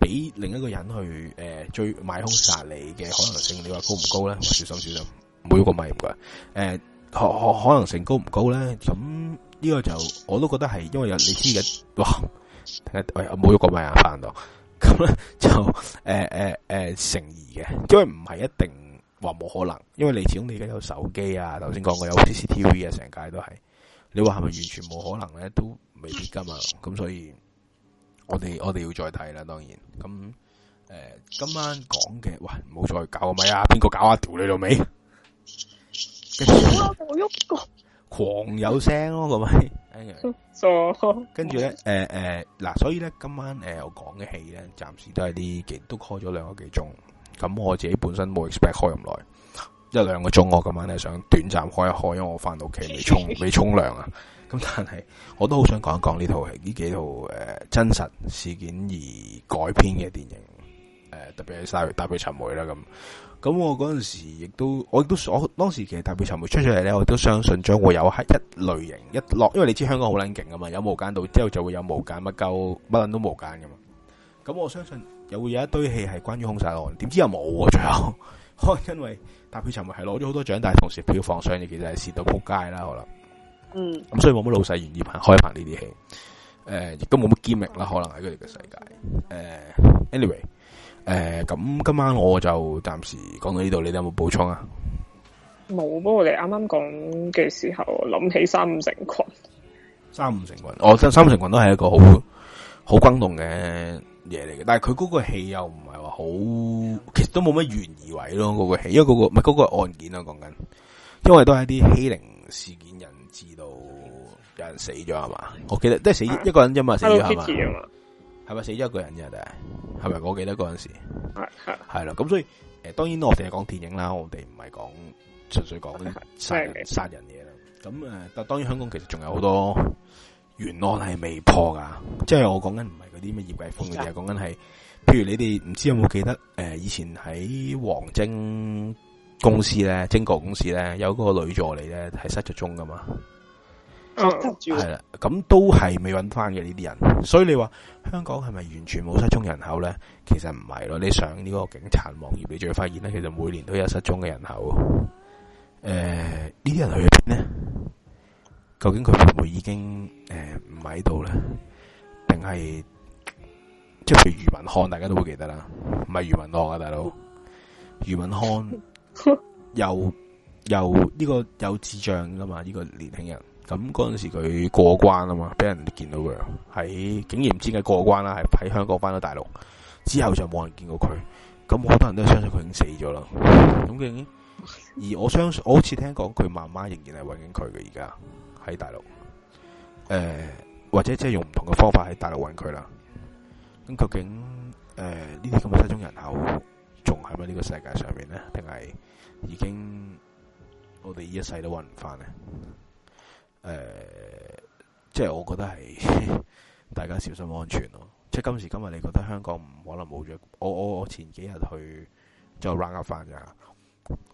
Speaker 1: 俾另一個人去誒，追、呃、買兇殺你嘅可能性，你話高唔高咧、哦？小心少少，冇咗個咪唔誒，可可可能性高唔高咧？咁呢、呢個就我都覺得係，因為有你知嘅哇下，喂，冇咗個咪啊，翻到咁咧就誒誒誒誠疑嘅，因為唔係一定話冇可能，因為你始終你而家有手機啊，頭先講過有 C C T V 啊，成界都係。你話係咪完全冇可能咧？都未必噶嘛。咁所以，我哋我哋要再睇啦。當然，咁誒，今晚講嘅，喂，唔好再搞個咪啊？邊個搞啊？屌你老味，冇喐過，狂有聲咯，個咪？傻。跟住咧，誒誒，嗱，所以咧，今晚誒我講嘅戲咧，暫時都係呢幾，都開咗兩個幾鐘。咁我自己本身冇 expect 開咁耐。一兩個鐘，我今晚咧想短暫開一開，因為我翻到屋企未沖未沖涼啊！咁但係我都好想講一講呢套係，呢幾套誒、呃、真實事件而改編嘅電影，誒、呃、特別係《殺》那《踏血尋梅》啦咁。咁我嗰陣時亦都我亦都，我當時其實《踏血尋梅》出咗嚟咧，我都相信將會有黑一類型一落，因為你知香港好撚勁噶嘛，有無間道之後就會有無間乜鳩乜撚都無間噶嘛。咁我相信又會有一堆戲係關於兇殺案，點知又冇、啊、最後。因為踏血尋梅係攞咗好多獎，但同時票房上你其實係蝕到扑街啦，嗯，呃，可能。嗯。咁所以冇乜老細願意拍開拍呢啲戲，誒，亦都冇乜機遇啦，可能喺佢哋嘅世界。誒、呃、，anyway，誒、呃，咁今晚我就暫時講到呢度，你哋有冇補充啊？
Speaker 3: 冇，不過我哋啱啱講嘅時候諗起三五成群，三五成群，我、哦、三五成群
Speaker 1: 都係一個好，好轟動嘅。嘢嚟嘅，但係佢嗰個戲又唔係話好，其實都冇乜懸疑位咯，嗰、那個戲，因為嗰、那個唔係嗰個案件啦，講緊，因為都係一啲欺凌事件，人知道有人死咗係嘛？我記得都係死、啊、一個人啫嘛，死咗係嘛？係咪、啊、死咗一個人啫？係咪？我記得嗰陣時係啦，咁、啊、所以誒、呃，當然我哋係講電影啦，我哋唔係講純粹講殺殺人嘢、啊、啦。咁誒，但當然香港其實仲有好多。原案係未破噶，即係我講緊唔係嗰啲咩葉繼歡嘅嘢。係講緊係，譬如你哋唔知道有冇記得，誒、呃、以前喺王晶公司咧、晶國公司咧，有嗰個女助理咧係失咗蹤噶嘛，係啦、嗯，咁都係未揾翻嘅呢啲人，所以你話香港係咪完全冇失蹤人口咧？其實唔係咯，你上呢個警察網頁你就會發現咧，其實每年都有失蹤嘅人口，誒、呃，呢啲人去邊呢？究竟佢會唔會已經誒唔喺度咧？定係即係余文漢，大家都會記得啦，唔係余文樂啊，大佬。余文漢又又呢個有智障噶嘛？呢個年輕人咁嗰陣時佢過關啊嘛，俾人見到佢喺，竟然唔知佢過關啦，係喺香港翻到大陸之後就冇人見過佢，咁好多人都相信佢已經死咗啦。咁嘅，而我相信我好似聽講佢媽媽仍然係揾緊佢嘅而家。喺大陸，誒、呃，或者即係用唔同嘅方法喺大陸揾佢啦。咁究竟誒呢啲咁嘅失蹤人口仲喺咪呢個世界上面呢？定係已經我哋一世都揾唔翻呢？誒、呃，即、就、係、是、我覺得係大家小心安全咯。即係今時今日，你覺得香港唔可能冇咗？我我我前幾日去就 round 下飯咋？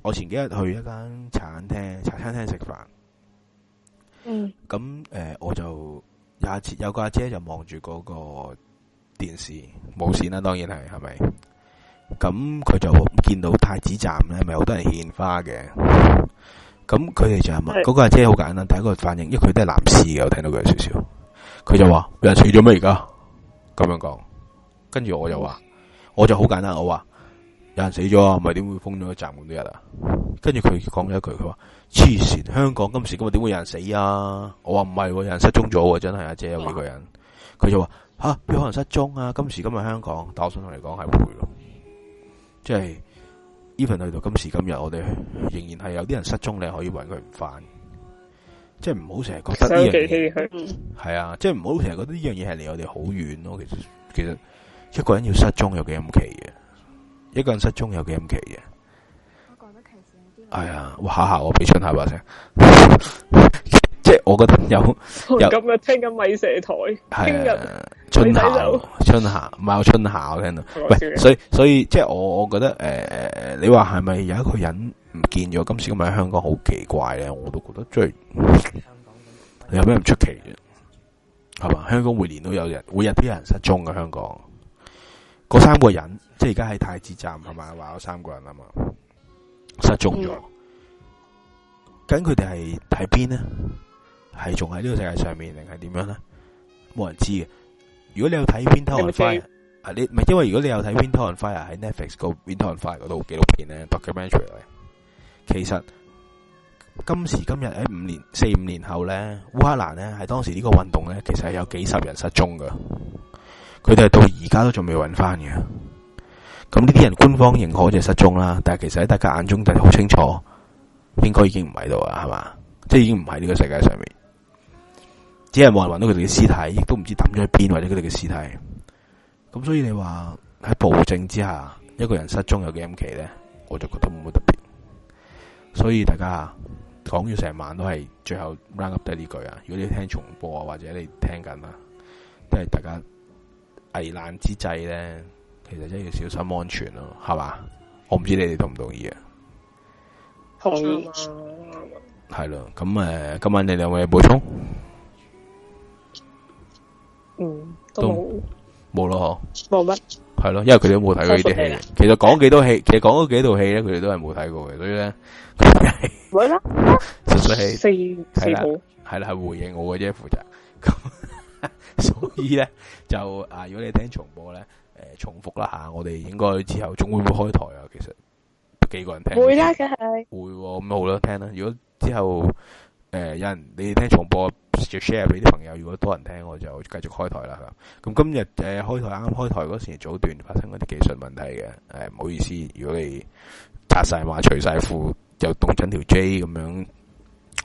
Speaker 1: 我前幾日去,去一間茶餐廳、茶餐廳食飯。嗯，咁、呃、誒，我就有一次有個阿姐就望住個電視，無綫啦，當然係，係咪？咁佢就見到太子站咧，係咪好多人獻花嘅。咁佢哋就問是 個阿姐好簡單，第一個反應，因為佢都係男士嘅，我聽到佢有少少，佢就話，俾人取咗咩而家？咁樣講，跟住我就話，我就好簡單，我話。有人死咗啊，咪點會封咗一站咁多日啊？跟住佢講咗一句，佢話黐線，香港今時今日點會有人死啊？我話唔係，有人失蹤咗啊，真係呀。阿姐，有幾個人，佢就話吓邊可能失蹤啊？今時今日香港，但我想同你講係會咯，即係 even 去到今時今日，我哋仍然係有啲人失蹤，你可以揾佢唔翻，即係唔好成日覺得呢樣嘢，係啊，即係唔好成日覺得呢樣嘢係離我哋好遠咯。其實其實一個人要失蹤有幾咁奇嘅。一個人失蹤有幾咁奇嘅？我覺得其實一啲。係啊，哇下我，你春夏把聲，即 係我覺得有有今日
Speaker 3: 聽緊米蛇台，聽日
Speaker 1: 春夏春夏，唔係我春夏，春夏我聽到。我喂，所以所以即係我我覺得誒、呃、你話係咪有一個人唔見咗？今次咁喺香港好奇怪咧，我都覺得最有咩唔出奇嘅？係嘛，香港每年都有人，每日都有人失蹤嘅香港。嗰三個人，即係而家喺太子站，係咪話咗三個人啊嘛，失蹤咗，咁佢哋係喺邊呢？係仲喺呢個世界上面，定係點樣呢？冇人知嘅。如果你有睇《Winter on Fire》，係你唔係，因為如果你有睇《Winter on Fire》喺 Netflix 個《Winter on Fire》嗰套紀錄片呢，documentary，其實今時今日喺欸、五年、四五年後呢，烏克蘭呢，喺當時呢個運動呢，其實係有幾十人失蹤噶。佢哋係到而家都仲未揾翻嘅，咁呢啲人官方認可就失蹤啦。但係其實喺大家眼中就係好清楚，應該已經唔喺度啦，係嘛？即係已經唔喺呢個世界上面，只係冇人揾到佢哋嘅屍體，亦都唔知抌咗去邊或者佢哋嘅屍體。咁所以你話喺暴政之下，一個人失蹤有幾咁奇呢？我就覺得冇乜特別。所以大家講咗成晚都係最後 round up 低呢句啊。如果你聽重播啊，或者你聽緊啊，都係大家。危難之際咧，其實真係要小心安全咯，係嘛？我唔知你哋同唔同意啊？同意。係啦，咁誒，今晚你哋有冇嘢補充？
Speaker 4: 嗯，都
Speaker 1: 冇冇咯嗬？冇乜！係咯，因為佢哋都冇睇過呢啲戲。其實講幾多戲，其實講嗰幾套戲咧，佢哋都係冇睇過嘅，所以咧，
Speaker 4: 唔係啦，唔係啦，四了四套
Speaker 1: 係啦，係回應我嘅啫，負責。 所以咧就啊，如果你聽重播咧，誒、呃、重複啦吓，我哋應該之後仲會唔會開台啊。其實幾個人聽會啦、哦，
Speaker 4: 梗係 會
Speaker 1: 咁、哦、好啦，聽啦。如果之後誒、呃、有人你哋聽重播 share 俾啲朋友，如果多人聽，我就繼續開台啦。咁今日誒、呃、開台啱啱開台嗰時早段發生嗰啲技術問題嘅，誒、呃、唔好意思，如果你拆晒話除晒褲又凍緊條 J 咁樣。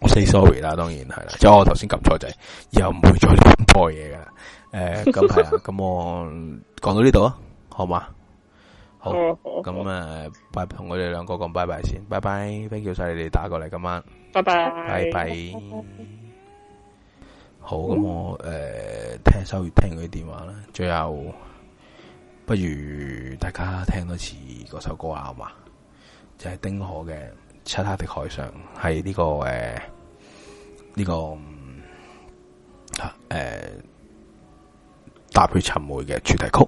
Speaker 1: 我 say sorry 啦，當然係啦，即係我頭先撳錯掣，以後唔會再亂播嘢噶啦。誒、呃，咁係啦，咁我講到呢度囉，好嘛？
Speaker 4: 好，
Speaker 1: 咁啊好，拜那，同我哋兩個講拜拜先，拜拜，thank you 晒你哋打過嚟今晚，拜拜，謝謝拜拜。拜拜好，咁我誒、呃、聽收聽佢啲電話啦，最後不如大家聽多次嗰首歌啊，好嘛？就係、是、丁可嘅。漆黑的海上，係呢、這個誒呢、呃這個誒、嗯呃、踏血尋梅嘅主題曲。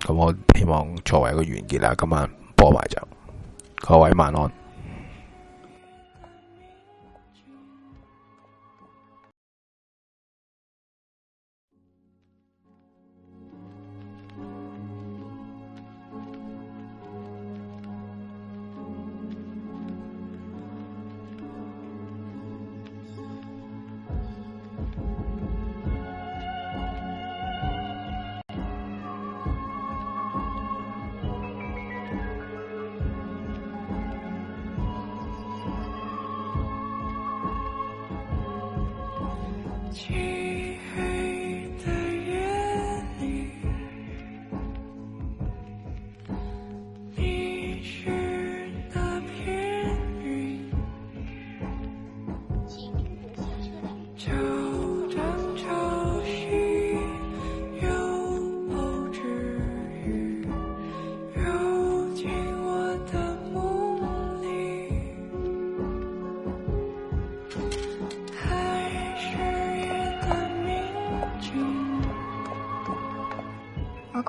Speaker 1: 咁我希望作為一個完結啦，今晚播埋就各位晚安。